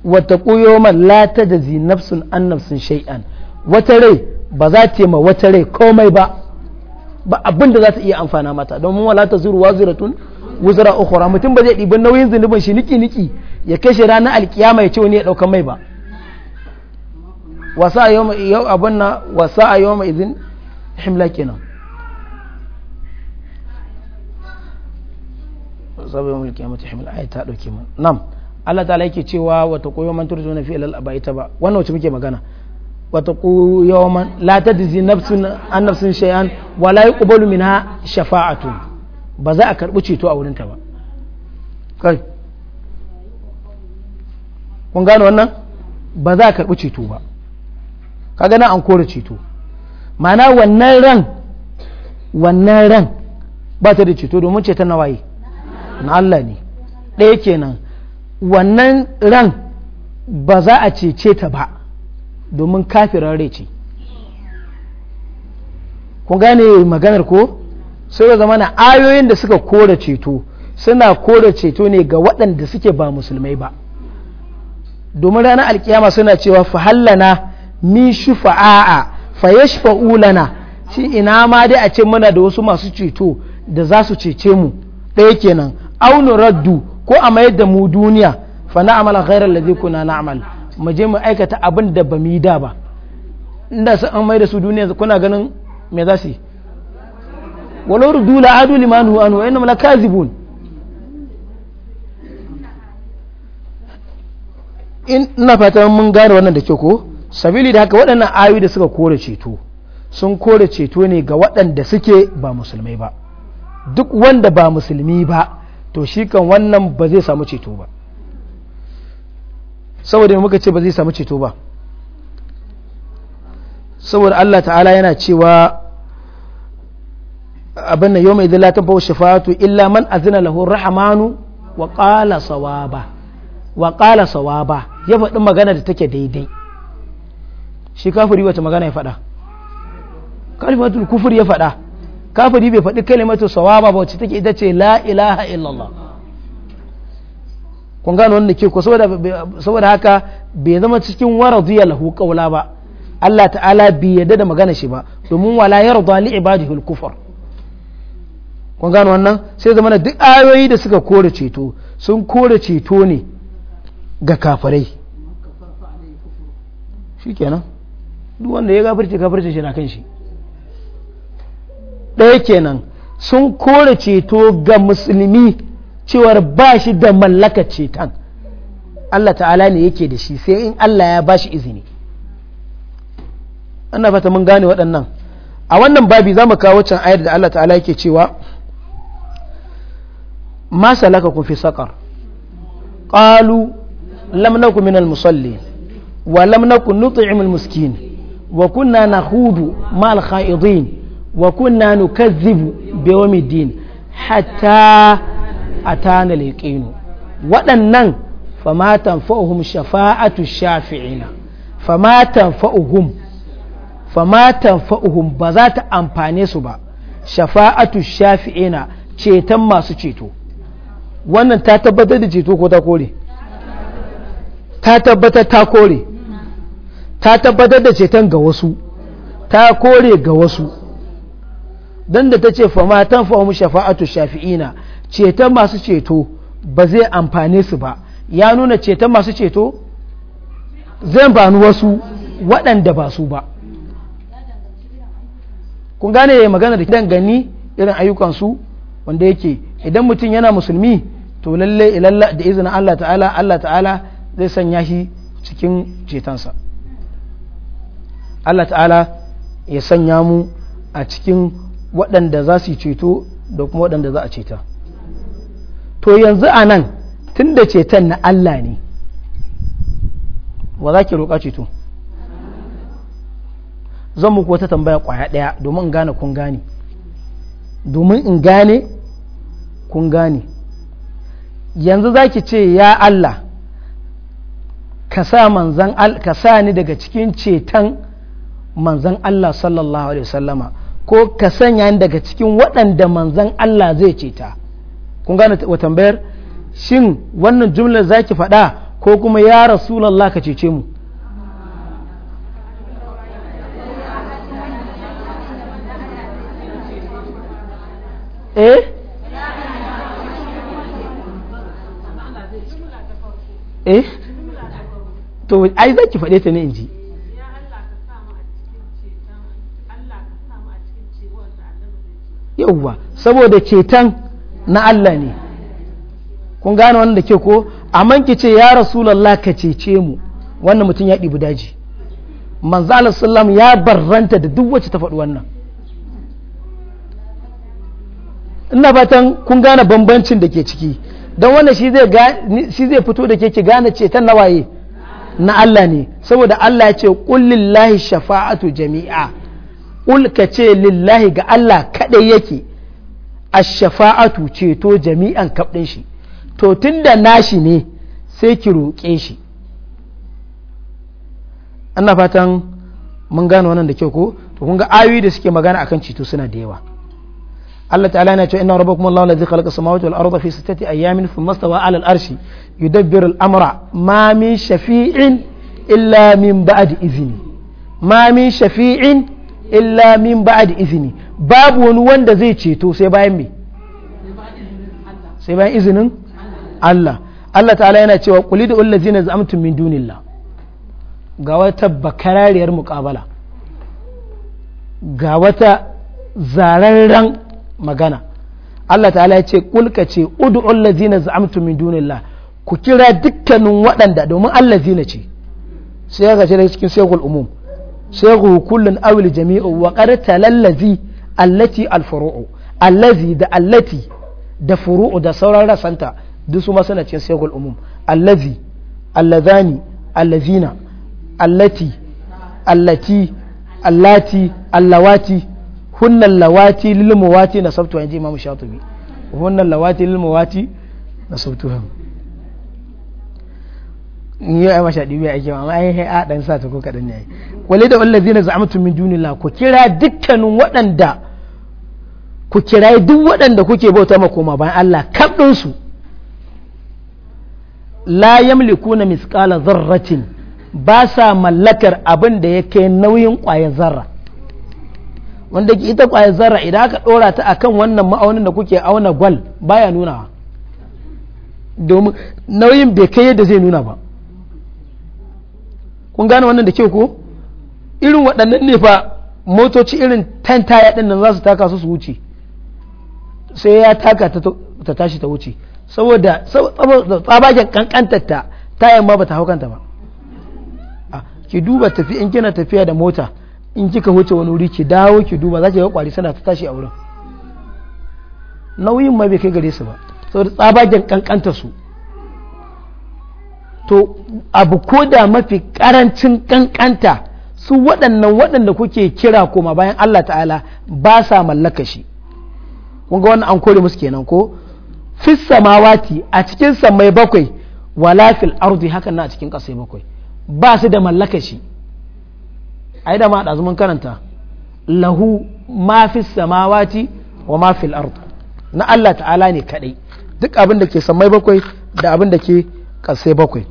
wata man la ta da zinafsun an nafsun shai'an wata rai ba za ta ma wata rai komai ba ba abin da za ta iya amfana mata Don domin wala ta zuru zuratun wuzra ukhra mutum ba zai ɗiban nauyin zunubin shi niki niki ya kashe ranar alkiyama ya ce wani ya ɗaukan mai ba wasa a yau abin na wasa a yau mai izin himla kenan sabai mulki ya mace himla ai ta ɗauke mu nam Allah ta laike cewa wata koyo man turzo na fi'il al'aba ita ba wannan wacce muke magana wata koyo man la tadzi nafsun an nafsun shay'an wa la yuqbalu minha shafa'atu ba za a karbi ceto a wurinta ba kai kun gano wannan ba za a karɓi ceto ba ka gana an kore ceto ma'ana wannan ran wannan ran ba ta da ceto domin ceton na waye na Allah ne ɗaya kenan wannan ran ba za a cece ta ba domin kafiran rai ce kun gane maganar ko sai da zama na ayoyin da suka kore ceto suna kore ceto ne ga waɗanda suke ba musulmai ba domin ranar alkiyama suna cewa fa hallana mi shufa'a fa yashfa'u lana shi ina ma dai a ce muna da wasu masu ceto da za su cece mu ɗaya kenan aunu raddu ko a mayar da mu duniya fa na amala ghairar ladhi na na'mal mu je mu aikata abin da ba mu yi da ba inda sun an mai da su duniya kuna ganin me za su yi walau rudu la adu limanu anu innam lakazibun ina fatan mun gane wannan da ke ko sabili da haka waɗannan ayoyi da suka kore ceto sun kore ceto ne ga waɗanda suke ba musulmai ba duk wanda ba musulmi ba to shi kan wannan ba zai samu ceto ba saboda muka ce ba zai samu ceto ba saboda Allah ta'ala yana cewa abin na yau mai zilatan fa shafatu illa man azina lahu rahamanu wa qala sawaba wa sawa ba ya faɗi magana da take daidai shi kafiri wata magana ya faɗa kalimatul kufur ya faɗa kafiri bai faɗi kalimatul sawa ba wacce take ita ce la ilaha illallah kun gano da ke ko saboda haka bai zama cikin waradiya lahu qawla ba Allah ta'ala bai yadda da magana shi ba domin wala rada li ibadihi al-kufr kun gano wannan sai zama duk ayoyi da suka kore ceto sun kore ceto ne ga kafirai shi kenan duk wanda ya gafarce gafarce shi na kan shi ɗaya kenan sun kore ceto ga musulmi cewar ba shi da mallaka ceton Allah ta'ala ne yake da shi sai in Allah ya ba shi izini ana fata mun gane waɗannan a wannan babi za mu kawo can ayar da Allah ta'ala yake cewa ma salaka kun fi saƙar ƙalu lam naku min al-musalli wa lam naku nut'im al-miskin wa kunna nakhudu ma al-kha'idin wa kunna nukazzibu bi yawmiddin hatta atana al-yaqin waɗannan fama tanfa'uhum shafa'atu shafi'ina fama tanfa'uhum fama tanfa'uhum ba za ta amfane su ba shafa'atu shafi'ina ceton masu ceto wannan ta tabbatar da ceto ko ta kore ta tabbatar ta kore ta tabbatar da ceton ga wasu ta kore ga wasu don da ta ce fama tan fa'omu shafa'atu shafi'ina ceton masu ceto ba zai amfane su ba ya nuna ceton masu ceto zai bani wasu waɗanda ba su ba kun gane ya magana da dangane irin ayyukansu wanda yake idan mutum yana musulmi to lallai lalle da izinin Allah ta'ala Allah ta'ala zai sanya shi cikin cetonsa Allah ta'ala ya sanya mu a cikin waɗanda za su yi ceto da kuma waɗanda za a ceta to yanzu a nan tun da ceton na Allah ne wa za ki roƙa ceto zan muku wata tambaya ƙwaya ɗaya domin in gane kun gane domin in gane kun gane yanzu za ki ce ya Allah ka sa manzan ka sa ni daga cikin cetan manzan Allah sallallahu alaihi wasallama ko ka sanya ni daga cikin waɗanda manzan Allah zai ceta kun gane wa tambayar shin wannan jumlar zaki faɗa ko kuma ya rasulullah ka cece mu eh eh to ai za ki faɗe ta ne in ji yauwa saboda ceton na Allah ne kun gane wannan da ke ko amma ki ce ya rasulallah ka cece mu wannan mutum ya ɗibu daji manzo Allah sallam ya barranta da duk wacce ta faɗi wannan ina fatan kun gane bambancin da ke ciki don wannan shi zai fito da ke ki gane ceton na waye na Allah ne saboda Allah ya ce kullillahi shafa'atu jami'a qul ka ce lillahi ga Allah kadai yake ash-shafa'atu ceto jami'an kabdin shi to tunda nashi ne sai ki roƙe shi ana fatan mun gano wannan da kyau ko to kun ga ayoyi da suke magana akan ceto suna da yawa Allah ta'ala yana cewa inna rabbakum Allahu allazi khalaqa samawati wal arda fi sittati ayamin thumma stawa 'ala al arshi yudabbiru al amra ma min shafi'in illa min ba'di izni ma min shafi'in illa min ba'di izni babu wani wanda zai ceto sai bayan me sai bayan izinin Allah Allah ta'ala yana cewa qul idul ladzina za'amtum min dunillah ga wata bakarariyar muqabala ga wata zararren magana Allah ta'ala ya ce kulka ce ud'ul ladzina za'amtu min dunillah ku kira dukkanin waɗanda domin Allah zina ce sai ya gace da cikin sayyul umum sayyihu kullun awil jami'u wa qad talallazi allati alfuru'u allazi da allati da furu'u da sauran rasanta duk su ma suna cikin sayyul umum allazi allazani allazina allati allati allati allawati hunnan lawati na sabtu nasabtu inji imam shatibi hunnan lawati lil mawati nasabtu ni ya masha biya ake amma ai hai haɗa dan sa ta ko kadan yayi wale da allazina za'amtum min dunillah ku kira dukkanin waɗanda ku kira duk waɗanda kuke bauta ma koma bayan Allah kabdin su la yamlikuna misqala dharratin ba sa mallakar abin da yake nauyin ƙwayar zarra wanda ke ita kwayar zarra idan aka ɗora ta akan wannan ma'aunin da kuke auna gwal baya nuna domin nauyin bai kai yadda zai nuna ba kun gane wannan da ke ko irin waɗannan ne fa motoci irin tan taya ɗin nan za su taka su su wuce sai ya taka ta tashi ta wuce saboda tsabagen kankantarta tayan yamma ba ta hau kanta ba ki duba tafi in kina tafiya da mota in kika wuce wani wuri ki dawo ki duba za ki ga kwari suna ta tashi a wurin nauyin ma bai kai gare su ba saboda tsabagen kankanta su to abu ko da mafi karancin kankanta su waɗannan waɗanda kuke kira koma bayan Allah ta'ala ba sa mallaka shi kun ga wannan an kore musu kenan ko fis samawati a cikin samai bakwai wala fil ardi hakan na a cikin ƙasai bakwai ba su da mallaka shi ai da ma da zumun karanta lahu ma fi samawati wa ma al ard na Allah ta'ala ne kadai duk abin da ke samai bakwai da abin da ke kasai bakwai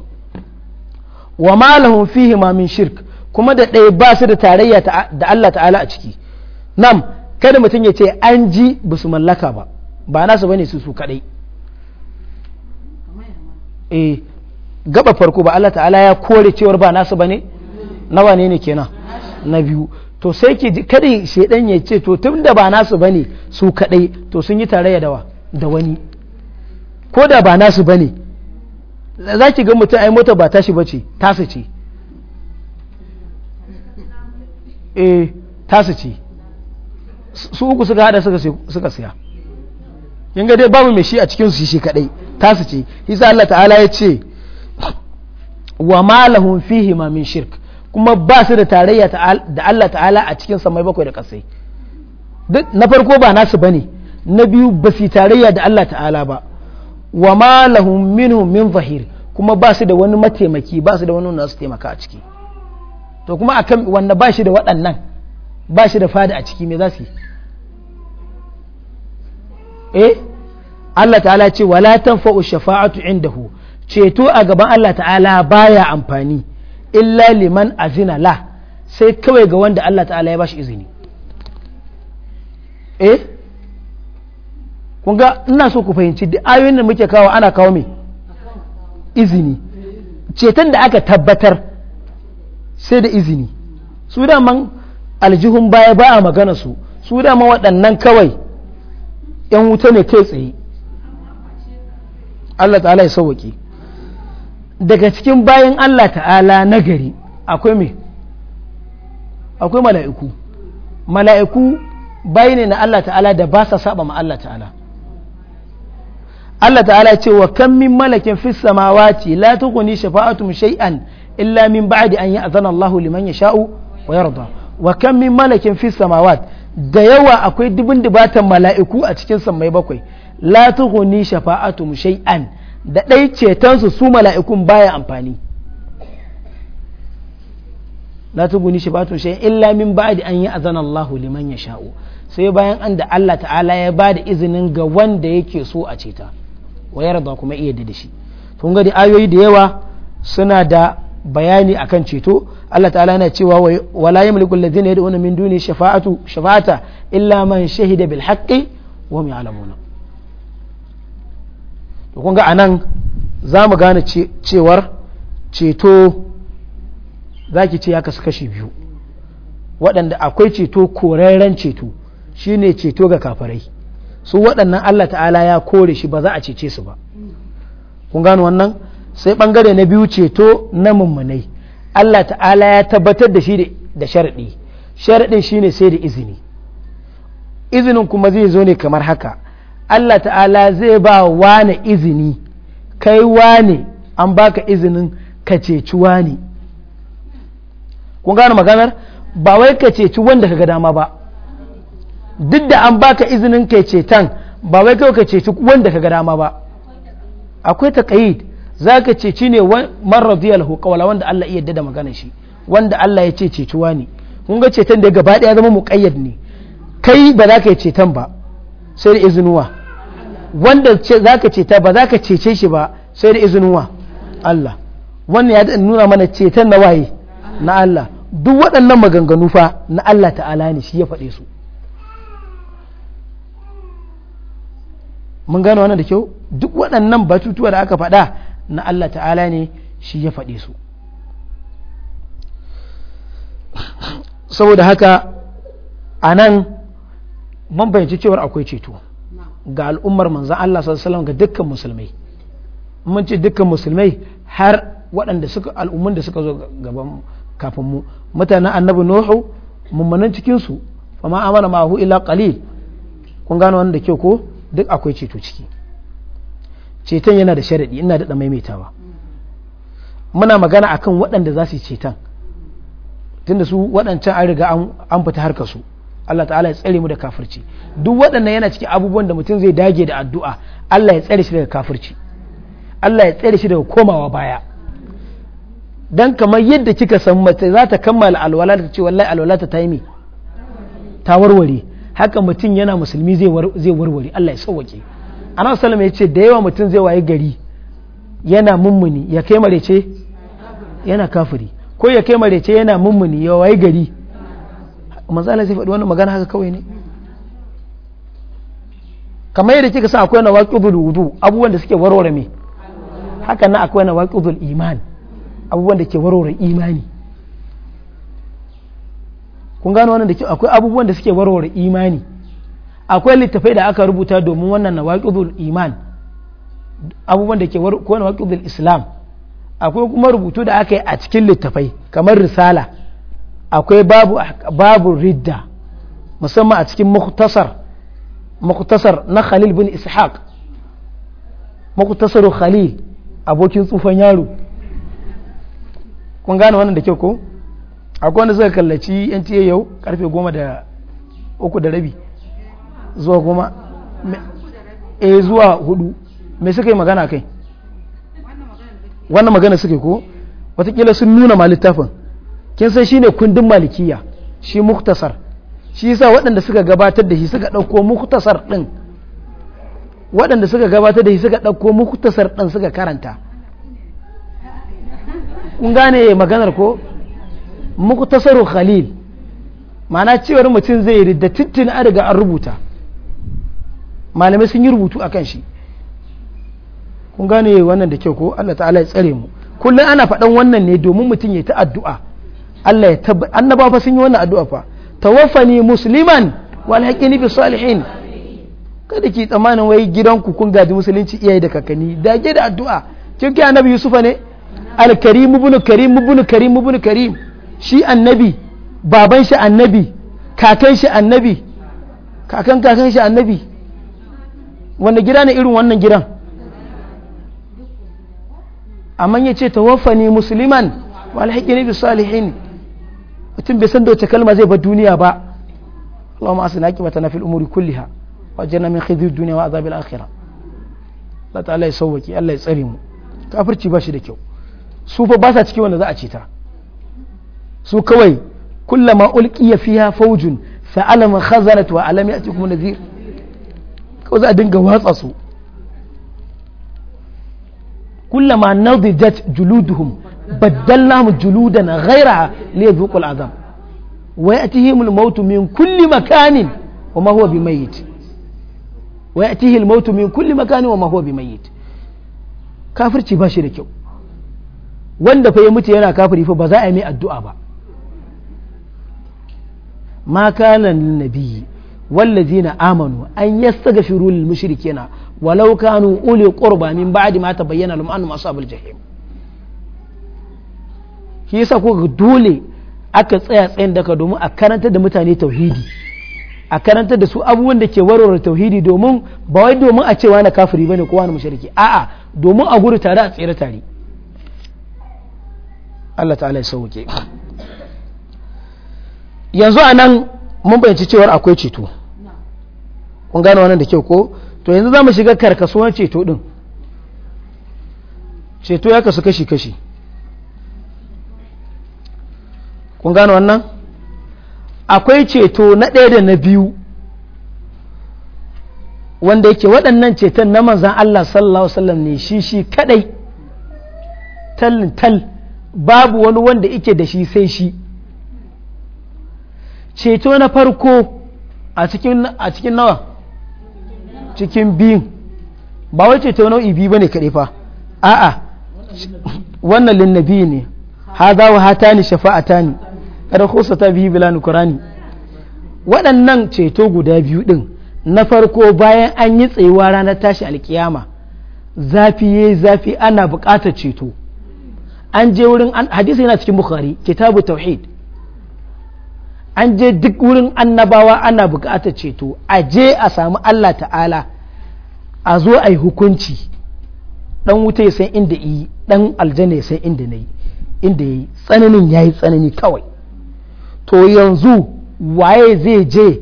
wa ma lahu fihi ma min shirk kuma da ɗaya ba su da tarayya da Allah ta'ala a ciki nam kada mutum ya ce an ji ba su mallaka ba ba nasu bane su su kadai eh gaba farko ba Allah ta'ala ya kore cewar ba nasu bane nawa ne ne kenan na biyu to sai ke kada shedan ya ce to tun da ba nasu bane su kadai to sun yi tare da da wani ko da ba nasu bane za ki ga mutum ai mota ba tashi bace tasa ce eh tasa ce su uku suka hada suka siya ga dai babu mai shi a cikin su shi kadai tasu ce hisa Allah ta'ala ya ce wa malahun fihi ma min shirk kuma ba su da tarayya da Allah ta'ala a cikin samai bakwai da kasai na farko ba nasu bane na biyu ba su tarayya da Allah ta'ala ba wa ma lahum minhum min zahir kuma ba su da wani mataimaki ba su da wani nasu taimaka a ciki to kuma akan wanda ba shi da waɗannan ba shi da fada a ciki me za su yi eh Allah ta'ala ce wala tanfa'u shafa'atu indahu ceto a gaban Allah ta'ala baya amfani illa liman azina la sai kawai ga wanda Allah ta'ala ya bashi izini eh kun ina so ku fahimci da ayoyin da muke kawo ana kawo me izini ceton da aka tabbatar sai da izini su daman aljihun baya ba a magana su su dama waɗannan kawai ‘yan wuta ne kai tsaye Allah ta'ala ya sauwaƙe daga cikin bayan Allah ta'ala na gari akwai me akwai mala'iku mala'iku bayi ne na Allah ta'ala da ba sa saba ma Allah ta'ala Allah ta'ala ce wa kan min malakin fis ce la tughni shafa'atum shay'an illa min ba'di an ya'zana Allahu liman yasha'u wa yarda wa kan min malakin fis samawat da yawa akwai dubin dubatan mala'iku a cikin sammai bakwai la tughni shafa'atum shay'an da ɗai cetonsu su mala'ikun baya amfani la tuguni shi batun shay illa min ba'di an yi ya'zana Allah liman sha'o sai bayan an da Allah ta'ala ya ba da izinin ga wanda yake so a ceta wa yarda kuma iya da shi kun ga ayoyi da yawa suna da bayani akan ceto Allah ta'ala yana cewa wala yamliku alladhina yad'una min duni shafa'atu shafa'ata illa man shahida bil haqqi wa mai alamuna. to kun ga anan za mu gane cewar ceto za ki ce ya kasu kashi biyu waɗanda akwai ceto korarren ceto shine ceto ga kafarai su waɗannan Allah ta'ala ya kore shi ba za a cece su ba kun gano wannan sai ɓangare na biyu ceto na mummunai Allah ta'ala ya tabbatar da shi da sharaɗi sharaɗin shine sai da izini izinin kuma zai zo ne kamar haka Allah ta'ala zai ba wane izini kai wane an baka izinin ka ceci wane kun gane maganar ba wai ka ceci wanda ka ga dama ba duk da an baka izinin ka cetan ba wai kai ka ceci wanda ka ga dama ba akwai taqayid ka ceci ne man radiyallahu qawla wanda Allah ya yarda da maganar shi wanda Allah ya ce ceci wani kun ga cetan da gaba daya zama muqayyad ne kai ba za ka yi cetan ba sai da izinuwa wanda za ka ceta ba za ka cece shi ba sai da izinin wa Allah wannan ya nuna mana ceton na waye na Allah duk waɗannan maganganu fa na Allah ta'ala ne shi ya faɗe su mun gano wannan da kyau duk waɗannan batutuwa da aka faɗa na Allah ta'ala ne shi ya faɗe su saboda haka a nan man fahimci cewar akwai ceto ga al'ummar manzan Allah sallallahu ga dukkan musulmai mun ce dukkan musulmai har waɗanda suka da suka zo gaban kafin mu mutanen annabi nuhu mummunan cikin su fa ma amana hu illa qalil kun gano wanda kyau ko duk akwai ceto ciki ceton yana da sharadi ina da maimaitawa muna magana akan waɗanda za su yi ceton tunda su waɗancan an riga an fita harkar su Allah ta'ala ya tsare mu da kafirci duk waɗannan yana cikin abubuwan da mutum zai dage da addu'a Allah ya tsare shi daga kafirci Allah ya tsare shi daga komawa baya dan kamar yadda kika san mace za ta kammala alwala ta ce wallahi alwala ta taimi ta warware haka mutum yana musulmi zai warware Allah ya sauwake ana sallama ya ce da yawa mutum zai waye gari yana mummuni ya kai marece yana kafiri ko ya kai marece yana mummuni ya waye gari manzala zai faɗi wannan magana haka kawai ne kamar yadda kika sa akwai na waƙidul wudu abubuwan da suke warware me haka na akwai na waƙidul iman abubuwan da ke warware imani kun gano wannan da ke akwai abubuwan da suke warware imani akwai littafai da aka rubuta domin wannan na waƙidul iman abubuwan da ke ko na islam akwai kuma rubutu da aka yi a cikin littafai kamar risala akwai babu babu ridda musamman a cikin muktasar muktasar na Khalil bin Ishaq muktasaru Khalil abokin tsufan yaro kun gane wannan da kyau ko akwai wanda suka kallaci NTA yau karfe goma da uku da rabi zuwa goma e eh, zuwa hudu me suka yi magana kai wannan magana suka yi ko watakila sun nuna ma littafin kin san shine kundin malikiya shi muktasar shi yasa waɗanda suka gabatar da shi suka ɗauko muktasar ɗin waɗanda suka gabatar da shi suka ɗauko muktasar ɗin suka karanta kun gane maganar ko muktasaru khalil ma'ana cewar mutum zai yi da tittin a daga an rubuta malamai sun yi rubutu a kan shi kun gane wannan da kyau ko Allah ta'ala ya tsare mu kullum ana faɗan wannan ne domin mutum ya ta addu'a Allah ya tabbata annaba fa sun yi wannan addu'a fa tawaffani musliman wal haqqini bi salihin kada ki tsamanin wai gidanku kun gaji musulunci iyaye da kakanni ke da addu'a kin ga annabi yusufa ne al karim ibn karim ibn karim ibn karim shi annabi baban shi annabi kakan shi annabi kakan kakan shi annabi wanda gida ne irin wannan gidan amma ya ce tawaffani musliman wal ne bi salihin mutum bai san da wace kalma zai bar duniya ba na Allahumma asina aqibatana fil umuri kulliha wa janna min khizyi dunya wa azabil akhirah Allah ta'ala ya sauwaki Allah ya tsare mu kafirci ba shi da kyau su fa ba sa cikin wanda za a cita su kawai kullama ulqiya fiha fawjun sa'ala man khazanat wa alam ya'tikum nadhir kawai za a dinga watsa su kullama nadijat juluduhum baddalnahum juludan ghaira li al'azab wa yatihim maut min kulli makanin wa ma huwa wa yatihi maut min kulli makanin wa ma huwa kafirci ba shi da kyau wanda fa ya mutu yana kafiri fa ba za a yi mai addu'a ba ma kana nabiyyi والذين آمنوا أن يستغفروا للمشركين ولو كانوا أولي قربى من بعد ما تبين لهم أنهم أصحاب الجحيم shi yasa ko dole aka tsaya tsayin daka domin a karanta da mutane tauhidi a karanta da su abubuwan da ke warware tauhidi domin ba wai domin a ce wani kafiri bane ko wani mushriki a'a domin a gudu tare a tsere tare Allah ta'ala ya sauke yanzu a nan mun cewar akwai ceto kun gane wannan da kyau ko to yanzu za mu shiga karkasuwan ceto din ceto ya kasu kashi-kashi kun gano wannan akwai ceto na ɗaya da na biyu wanda yake waɗannan ceton na manzan Allah sallallahu wasallam ne shi shi kadai tal babu wani wanda yake da shi sai shi ceto na farko a cikin nawa cikin biyun ba wai ceto nau'i biyu bane kaɗai fa a'a wannan linnabi ne hada wa hatani shafa'atani kada kusa ta bihi bilani nukurani waɗannan ceto guda biyu ɗin na farko bayan an yi tsayuwa ranar tashi alkiyama zafi ya zafi ana buƙatar ceto an je wurin hadisi yana cikin bukhari kitabu tauhid an je duk wurin annabawa ana buƙatar ceto a je a samu allah ta'ala a zo a yi hukunci ɗan wuta ya san inda yi ɗan aljanna ya san inda na yi inda ya yi tsananin ya yi tsanani kawai to yanzu waye zai je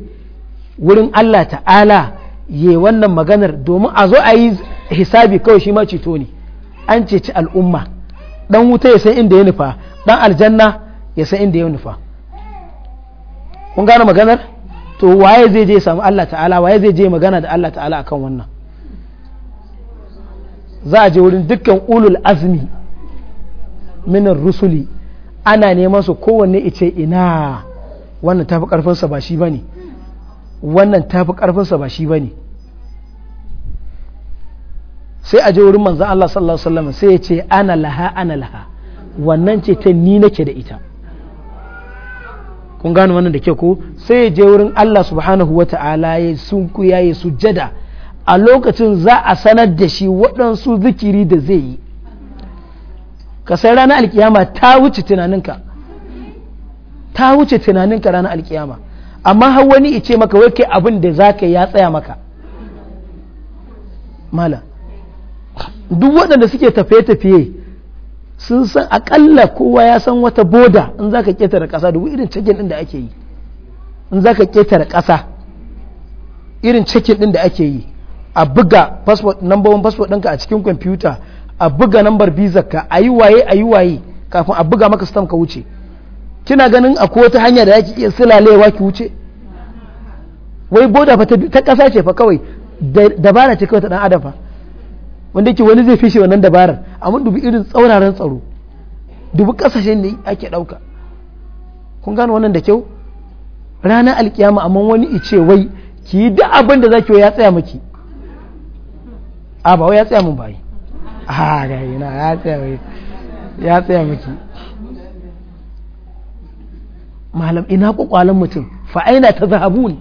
wurin Allah ta'ala yi wannan maganar domin a zo a yi hisabi kawai shi ma ceto ne an ceci al'umma dan wuta ya san inda ya nufa dan aljanna ya san inda ya nufa kun gane maganar to waye zai je samu Allah ta'ala waye zai je magana da Allah ta'ala akan wannan za a je wurin dukkan ulul azmi minar rusuli ana neman su kowanne ice ina wannan tafi karfinsa ba shi bane wannan tafi karfinsa ba shi bane sai a je wurin manzan Allah sallallahu alaihi wasallam sai ya ce ana laha ana laha wannan ce ta ni nake da ita kun gane wannan da ke ko sai ya je wurin Allah subhanahu wa ta'ala ya sunku ya yi sujada a lokacin za a sanar da shi waɗansu zikiri da zai yi ka san ranar alkiyama ta wuce tunaninka ta wuce tunaninka ranar alkiyama amma har wani ice maka wai kai abin da za ka ya tsaya maka mala duk waɗanda suke tafiye-tafiye sun san akalla kowa ya san wata boda in za ka ƙetare ƙasa dubu irin cikin ɗin da ake yi in za ka ƙetare ƙasa irin cikin ɗin da ake yi a buga number one passport ɗinka a cikin kwamfuta a buga nambar bizar ka a yi waye a yi waye kafin a buga maka stamp ka wuce kina ganin a wata hanya da zaki iya silalewa ki wuce wai boda fa ta kasa ce fa kawai dabara ce kawai ta dan adam fa wanda yake wani zai fishe wannan dabarar amma dubi irin tsauraran tsaro dubi kasashen ne ake dauka kun gano wannan da kyau rana alkiyama amma wani ice wai ki yi duk abin da zaki ya tsaya miki a ba wai ya tsaya mun bayi a ga ya tsaya ya miki malam ina kwakwalan mutum fa aina ta zahabun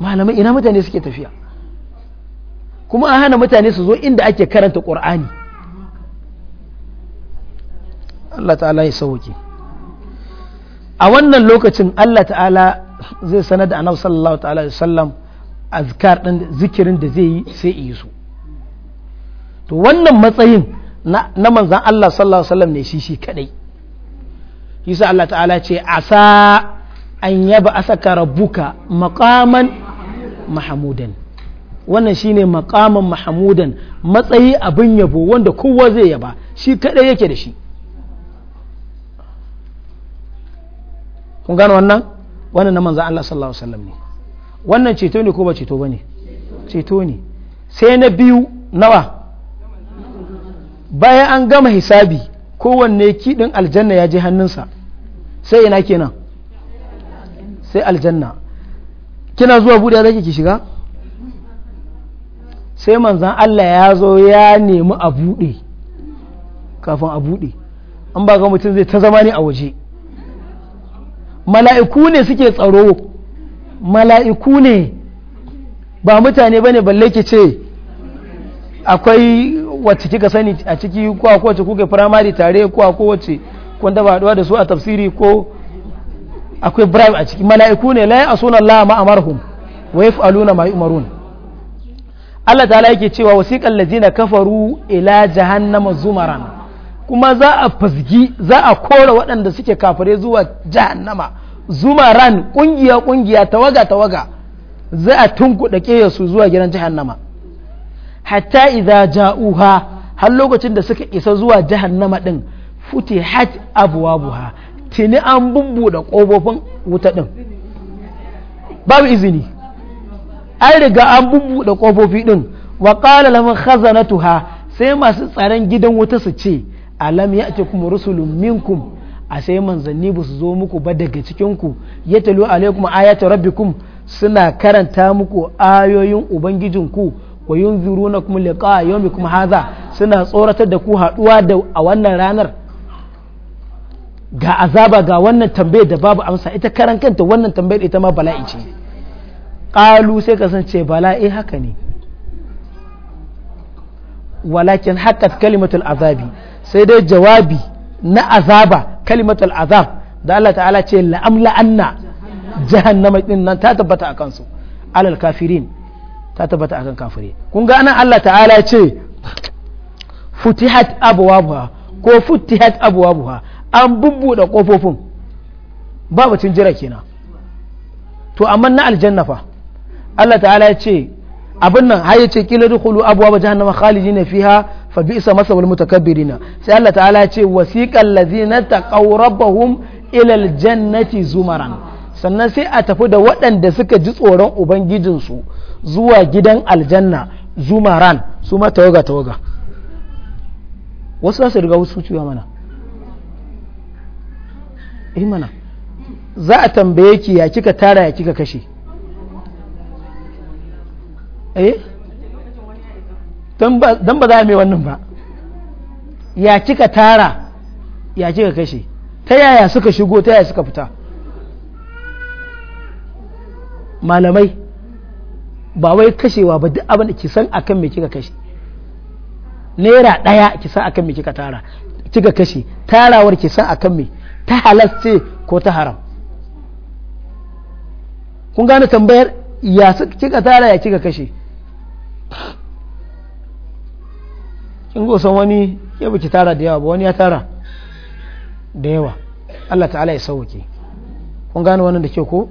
malamai ina mutane suke tafiya kuma an hana mutane su zo inda ake karanta ƙur'ani Allah ta'ala ya sauke a wannan lokacin Allah ta'ala zai sanar da annabi sallallahu ta'ala alaihi wasallam azkar din zikirin da zai yi sai yi su to wannan matsayin na manzan Allah sallallahu alaihi wasallam ne shi shi kadai yasa Allah ta'ala ce asa an yaba asaka rabbuka maqaman mahmudan wannan shine maqaman Mahamudan matsayi abin yabo wanda kowa zai yaba shi kadai yake da shi kun gano wannan wannan na manzan Allah sallallahu alaihi wasallam ne wannan ceto ne ko ba ceto bane ceto ne sai na biyu nawa bayan an gama hisabi kowanne kiɗin aljanna ya je hannunsa sai ina kenan sai aljanna kina zuwa buɗe zaki ki shiga sai manzan Allah ya zo ya nemi a buɗe kafin a buɗe an ba ga mutum zai ta zama ne a waje mala'iku ne suke tsaro mala'iku ne ba mutane ba ne balle ke ce akwai wacce kika sani a ciki ko a kowace kuke firamare tare ko a kowace kwanda ba haɗuwa da su a tafsiri ko akwai bribe a ciki mala'iku ne la ya'suna Allah ma amarhum wa aluna ma yu'marun Allah ta'ala yake cewa wasiqal ladina kafaru ila jahannama zumaran kuma za a fasgi za a kora waɗanda suke kafare zuwa jahannama zumaran ƙungiya kungiya tawaga tawaga za a tunku tunkuɗa su zuwa gidan jahannama hatta idza ja'uha har lokacin da suka isa zuwa jahannama din futihat abwabuha tini an bubbuɗe ƙofofin wuta din babu izini an riga an bubbuɗe ƙofofi din wa qala lahum khazanatuha sai masu tsaron gidan wuta su ce alam ya'tikum rusulun minkum a sai manzanni ba su zo muku ba daga cikinku ya talo alaikum ayatu rabbikum suna karanta muku ayoyin ubangijinku wa yunzirunakum liqa yawmikum hadha suna tsoratar da ku haduwa da a wannan ranar ga azaba ga wannan tambayar da babu amsa ita karan kanta wannan tambayar ita ma bala'i ce qalu sai kasance bala'i haka ne walakin haqqat kalimatul azabi sai dai jawabi na azaba kalimatul azab da Allah ta'ala ce la'amla anna jahannama din nan ta tabbata a kansu alal kafirin ta tabbata akan kafire kun ga anan Allah ta'ala ce futihat abwabuha ko futihat abwabuha an bubbuɗe kofofin ba batun jira kenan to amma na aljanna fa Allah ta'ala ya ce abin nan har ya ce kila dukulu abuwa ba jahannama khalidina fiha fa bi'sa masawal mutakabbirina sai Allah ta'ala ya ce wasiqal ladzina taqaw rabbahum ila aljannati zumaran sannan sai a tafi da waɗanda suka ji tsoron ubangijinsu zuwa gidan aljanna zumaran su ma tawaga tawaga wasu za su riga wasu ciwa mana eh mana za a tambaye ki ya kika tara ya kika kashe eh dan ba za a mai wannan ba ya kika tara ya kika kashe ta yaya suka shigo ta yaya suka fita malamai ba wai kashewa ba duk abin da ki san akan me kika kashe naira ɗaya ki san akan me kika tara kika kashe tarawar ki san akan me ta halal ce ko ta haram kun gane tambayar ya kika tara ya kika kashe kin go san wani ya biki tara da yawa ba wani ya tara da yawa Allah ta'ala ya sauke kun gane wannan da ke ko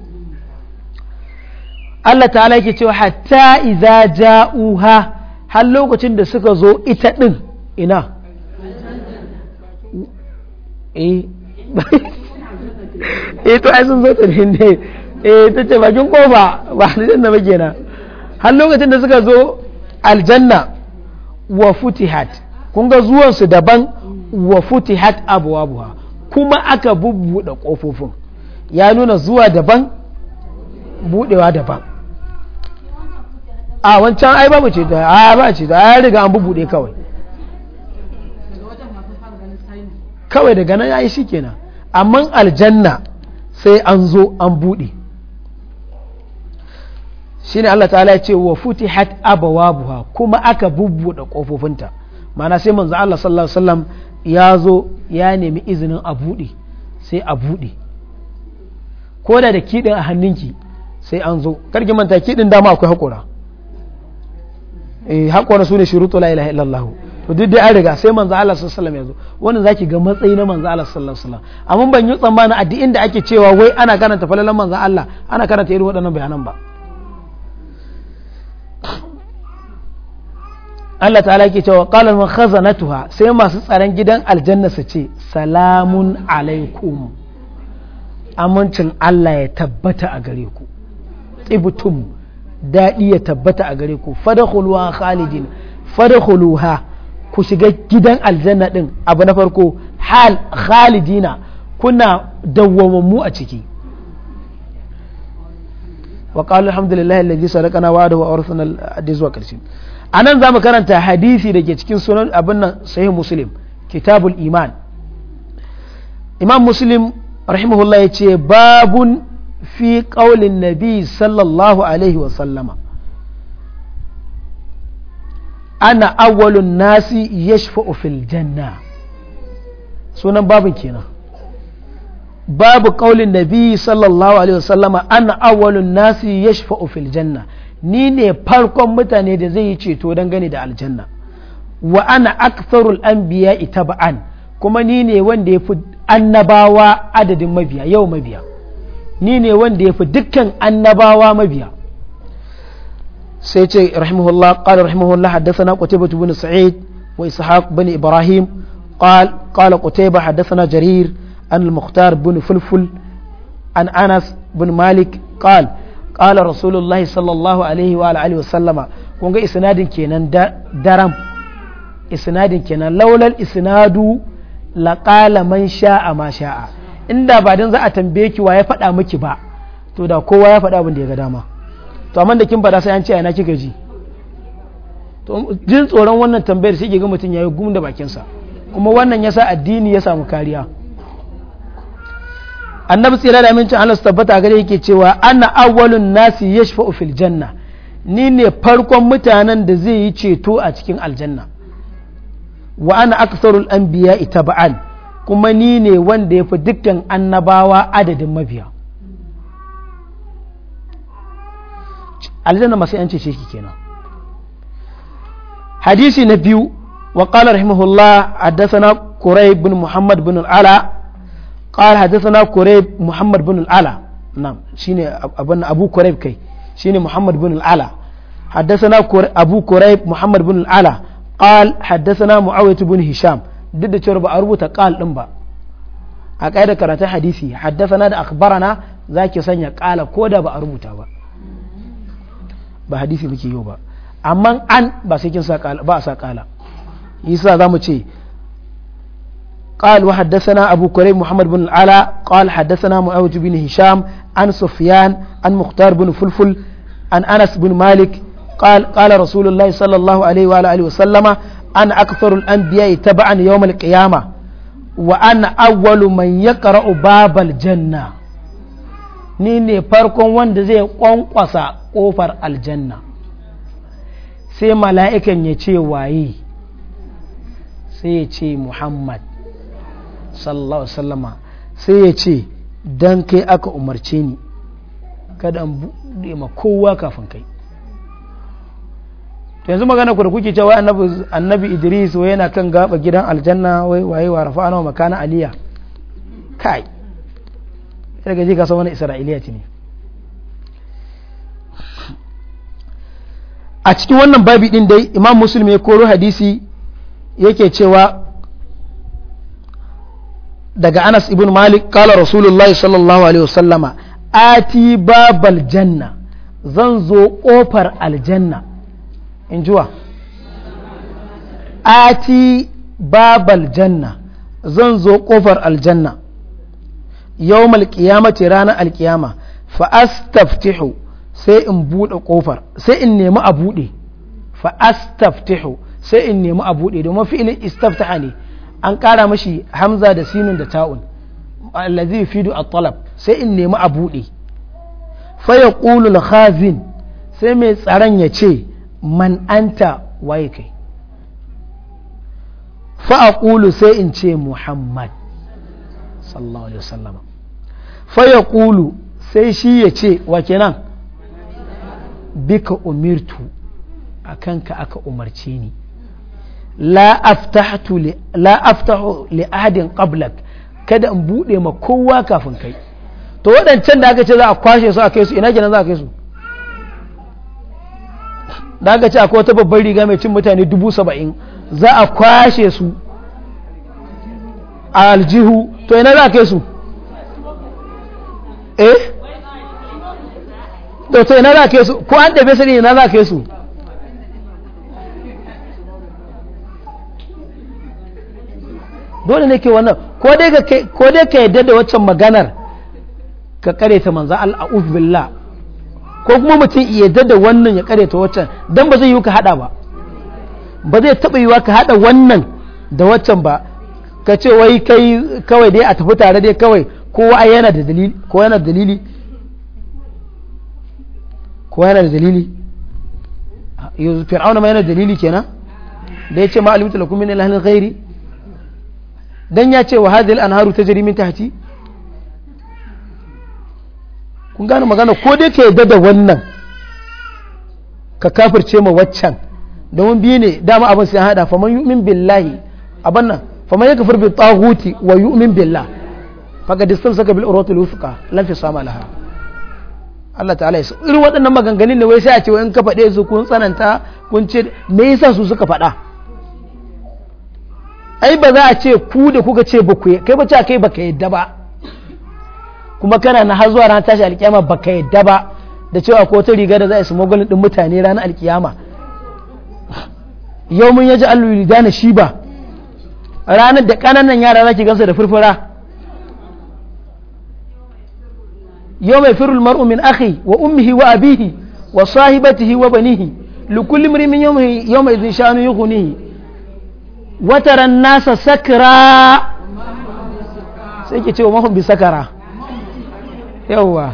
Allah ta'ala yake cewa hatta iza ja'uha har lokacin da suka zo ita din ina eh, eh to ai sun zo ta ne eh ta ce bakin kofa ba aljanna ba na har lokacin da suka zo aljanna wa futihat kun ga zuwan su daban wa futihat abuwa kuma aka bubbuɗe ƙofofin ya nuna zuwa daban buɗewa daban a wancan ai babu ceto a ba ceto a ya riga an bubuɗe kawai kawai daga nan ya shi kenan amma aljanna sai an zo an buɗe shine Allah ta'ala ya ce wa futihat buha kuma aka bubbuɗe ƙofofinta mana sai manzo Allah sallallahu alaihi wasallam ya zo ya nemi izinin a buɗe sai a buɗe ko da da kiɗin a hannunki sai an zo karki manta kiɗin dama akwai haƙura Eh, haƙorin su ne shuruɗu la ilaha illallah to duk dai an riga sai manzo Allah sallallahu alaihi wasallam wannan zaki ga matsayi na manzo Allah sallallahu alaihi wasallam amma ban yi tsammanin addu'in da ake cewa wai ana karanta falalan manzo Allah ana karanta irin waɗannan bayanan ba Allah ta'ala ke cewa qalan man khazanatuha sai masu tsaron gidan aljanna su ce salamun alaikum amincin Allah ya tabbata a gare ku ibtum daɗi ya tabbata a gare ku fadakhuluha khalidin fadakhuluha ku shiga gidan aljanna ɗin abu na farko hal khalidina kuna dawwamammu a ciki wa qala alhamdulillahi alladhi sadaqana wa'adahu wa awrathana al-hadith a karshe anan zamu karanta hadisi da ke cikin sunan abin nan sahih muslim kitabul iman imam muslim rahimahullah yace babun fi ƙaulin nabi sallallahu alaihi wasallama ana awwalun nasi yashfa'u fil sunan babin kenan babu ƙaulin nabi sallallahu alaihi wasallama ana awwalun nasi yashfa'u fil ni ne farkon mutane da zai yi ceto dangane da aljanna wa ana aktharul ita ba'an kuma ni ne wanda ya fi annabawa adadin mabiya yau mabiya ni ne wanda ya fi dukkan annabawa mabiya sai ce rahimahullah qala rahimahullah haddathana qutaybah ibn sa'id wa ishaq ibn ibrahim qal qala qutaybah haddathana jarir an al-mukhtar ibn fulful an anas ibn malik qal qala rasulullahi sallallahu alaihi wa alihi wa sallama kun ga isnadin kenan daram isnadin kenan laulal isnadu laqala man sha'a ma sha'a inda ba don za a tambaye ki wa ya faɗa miki ba to da kowa ya faɗa abin da ya ga dama to amma da kin faɗa sai an ce ina kika ji to jin tsoron wannan tambayar sai ga mutum yayi gum da bakinsa kuma wannan yasa addini ya samu kariya annabi tsira da amincin Allah su tabbata gare yake cewa ana awwalun nasi yashfa'u fil janna ni ne farkon mutanen da zai yi ceto a cikin aljanna wa ana aktsarul ita tab'an kuma ni ne wanda ya fi dukkan annabawa adadin mabiya aljanna masu yanci ce ki kenan hadisi na biyu wa qala rahimahullah haddathana qurayb bin muhammad bin al-ala qala haddathana qurayb muhammad bin al-ala shi shine abun abu qurayb kai shine muhammad bin al-ala haddathana abu qurayb muhammad bin al-ala قال حدثنا معاوية bin hisham duk da cewar ba a rubuta qal din ba a da karatun hadisi haddasana da za ki sanya qala ko da ba a rubuta ba ba hadisi muke yau ba amma an ba sai kin sa ba a sa isa za zamu ce قال wa أبو كريم محمد بن العلاء bin حدثنا معاوية بن هشام عن سفيان عن مختار بن فلفل an أنس bin مالك قال قال رسول الله صلى الله عليه وعلى وسلم ana aktharul anbiya taba'an yawmal qiyama wa ana awwalu man yaqra'u babal janna ni ne farkon wanda zai kwankwasa kofar aljanna sai mala'ikan ya ce waye sai ya ce muhammad sallallahu sallama sai ya ce don kai aka umarce ni kada in buɗe ma kowa kafin kai to yanzu magana ku da kuke cewa annabi annabi Idris wai yana kan gaba gidan aljanna wai waye wa rafa'ana makana aliya kai sai ga ji ka san wani isra'iliya ce ne a cikin wannan babi din dai imam muslim ya koro hadisi yake cewa daga anas ibn malik kala rasulullahi sallallahu alaihi wasallama ati babal janna zan zo kofar aljanna in juwa ati babal janna zan zo kofar aljanna yawm alqiyamati ranar alqiyama fa astaftihu sai in bude kofar sai in nemi a bude fa astaftihu sai in nemi a bude domin fi'ilin istaftaha ne an kara mashi hamza da sinun da ta'un allazi yufidu at-talab sai in nemi a bude fa yaqulu al-khazin sai mai tsaron ya ce man anta waye kai fa'aƙulu sai in ce muhammad sallallahu alaihi fa faya ƙulu sai shi ya ce wa kenan bika umirtu a kanka aka umarce ni la aftahu li ahadin qablak kada in buɗe ma kowa kafin kai to waɗancan da aka ce za a kwashe su a kai su ina kenan za a kai su da aka ce akwai wata babbar riga mai cin mutane dubu saba'in za a kwashe su a aljihu to yana za a kai su eh to yana za a kai su ko an ɗabe su ne yana za a kai su dole ne ke wannan ko dai ka yadda da waccan maganar ka kare ta manza al'a'uf billah ko kuma mutum iya da wannan ya kare ta waccan dan ba zai yi ka hada ba ba zai taba yiwa ka hada wannan da waccan ba ka ce wai kai kawai dai a tafi tare dai kawai kowa wa yana da dalili ko yana da dalili ko yana da dalili yanzu fir'auna ma yana da dalili kenan da ce ma alimtu lakumin min ilahin ghairi dan ya ce wa hadhihi al-anharu tajri min tahti kun gane magana ko dai ka yadda da wannan ka kafirce ma waccan domin biyu ne dama abin sai hada fa man yu'min billahi abin nan fa man yakfur bi taghuti wa yu'min billah faqad saka bil urwatil wuthqa lan sama laha Allah ta'ala ya irin waɗannan maganganun ne wai sai a ce wani ka faɗe su kun tsananta kun ce me yasa su suka faɗa ai ba za a ce ku da kuka ce ba ku kai ba ce a kai ba ka yadda ba kuma kana na har zuwa ranar tashi alkiyama baka yadda ba da cewa ko ta riga da za a samu gwalin din mutane ranar alkiyama yau mun yaji allulida na shi ba ranar da ƙananan yara za ki gansa da furfura yau mai firul mar'u min akhi wa ummihi wa abihi wa sahibatihi wa banihi likulli mrimin yau mai zin shanu wataran nasa sakra sai ki ce wa mahum bi sakara yawwa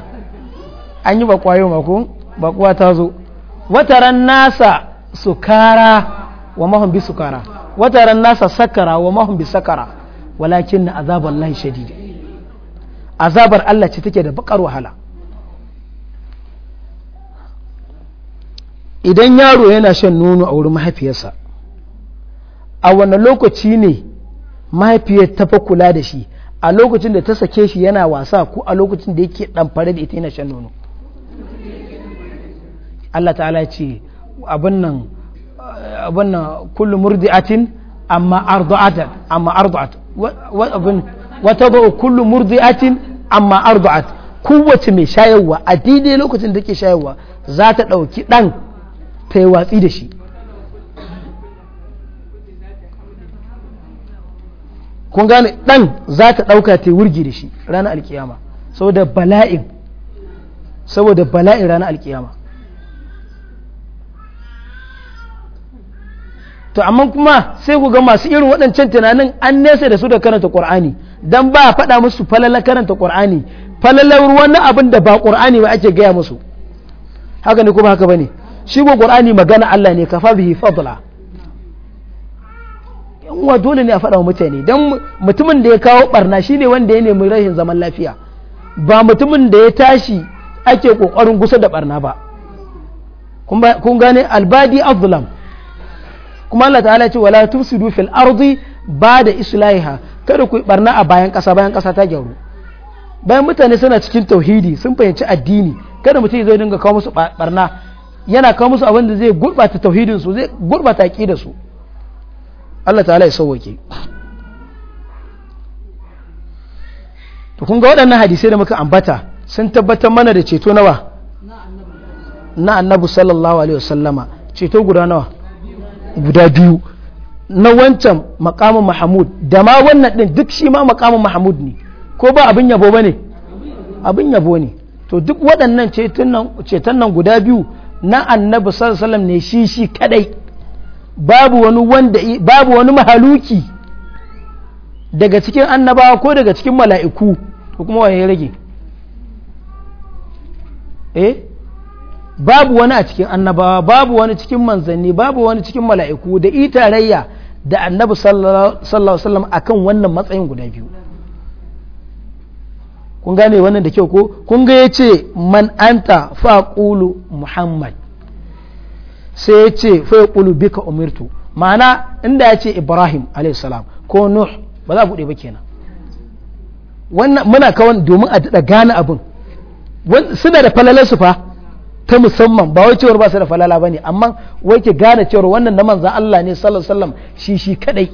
an yi bakwayo maku bakwa ta zo wataran nasa sukara wa mahun bi sukara wataran nasa sakara wa mahun bi sakara walakin na azabar lahi shadidi azabar Allah ce take da bakar wahala idan yaro yana shan nono a wurin mahaifiyarsa a wane lokaci ne mahaifiyar ta kula da shi a lokacin da ta sake shi yana wasa ko a lokacin da yake dan fare da ita yana shan nono Allah ta'ala ce abin nan abin nan kullu murdi'atin amma arda'at amma wa abin wata ba kullu murdi'atin amma ardu'at kowace mai shayarwa a daidai lokacin da take shayarwa za ta ɗauki ɗan ta yi watsi da shi kun gane dan za ka ɗauka ta wurgi da shi ranar alkiyama saboda bala'in saboda bala'in ranar alkiyama to amma kuma sai ku ga masu irin waɗancan tunanin an nesa da su da karanta ƙwar'ani don ba a faɗa musu falala karanta ƙur'ani falalar wani abin da ba ƙwar'ani ba ake gaya musu haka ne kuma haka ba ne shi ba ƙwar'ani magana Allah ne fa bihi fadla wa dole ne a faɗa mutane don mutumin da ya kawo barna ne wanda ya nemi rashin zaman lafiya ba mutumin da ya tashi ake kokarin gusa da barna ba kun gane albadi azulam kuma Allah ta'ala ce wala tufsidu fil ardi ba da islahiha kada ku barna a bayan ƙasa bayan ƙasa ta gyaru bayan mutane suna cikin tauhidi sun fahimci addini kada mutum zai dinga kawo musu barna yana kawo musu abin da zai gurɓata tauhidinsu zai gurɓata aqidar su Allah Ta halaye sauwake to kun ga waɗannan hadisai da muka ambata sun tabbatar mana da ceto nawa na annabu sallallahu alaihi wasallama ceto guda nawa guda biyu na wancan makamun mahamud da ma wannan ɗin duk shi ma makamun mahamud ne ko ba abin yabo ba ne abin yabo ne to duk waɗannan ceton nan guda biyu na annabi sallallahu alaihi wasallam ne shi shi kadai babu wani wanda babu wani mahaluki daga cikin annabawa ko daga cikin mala'iku ko kuma waye ya rage eh babu wani a cikin annabawa babu wani cikin manzanni babu wani cikin mala'iku da itarayya da annabi sallallahu alaihi wasallam akan wannan matsayin guda biyu kun gane wannan da kyau ko kun ga yace man anta faqulu muhammad sai ya ce fa yaqulu bika umirtu ma'ana inda ya ce Ibrahim alayhi salam ko Nuh ba za a bude ba kenan wannan muna kawan domin a daɗa gane abin suna da su fa ta musamman ba wai cewar ba su da falala ba ne amma wai ke gane cewar wannan na manzan Allah ne sallallahu sallam shi shi kadai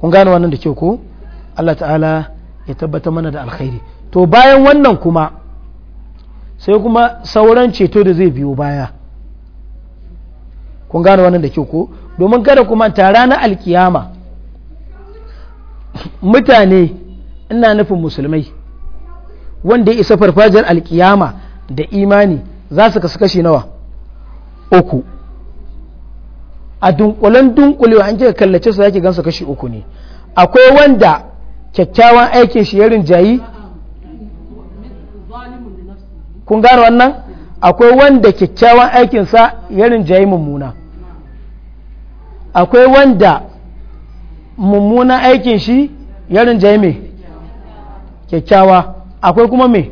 kun gane wannan da kyau ko Allah ta'ala ya tabbata mana da alkhairi to bayan wannan kuma sai kuma sauran ceto da zai biyo baya kun gane wannan da kyau ko domin kada kuma ta ranar alkiyama mutane ina nufin musulmai wanda ya isa farfajar alkiyama da imani za su kasu kashi nawa uku a dunkulen dunkulewa an kika kallace su zaki gansa kashi uku ne akwai wanda kyakkyawan aikin shi ya rinjayi kun gano wannan akwai wanda kyakkyawan aikinsa ya rinjayi mummuna akwai wanda mummuna aikin shi ya rinjayi mai kyakkyawa akwai kuma mai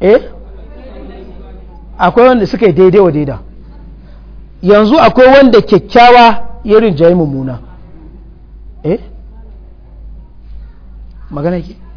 eh akwai wanda suka yi daidai wa daida yanzu akwai wanda kyakkyawa ya rinjayi mummuna eh magana ke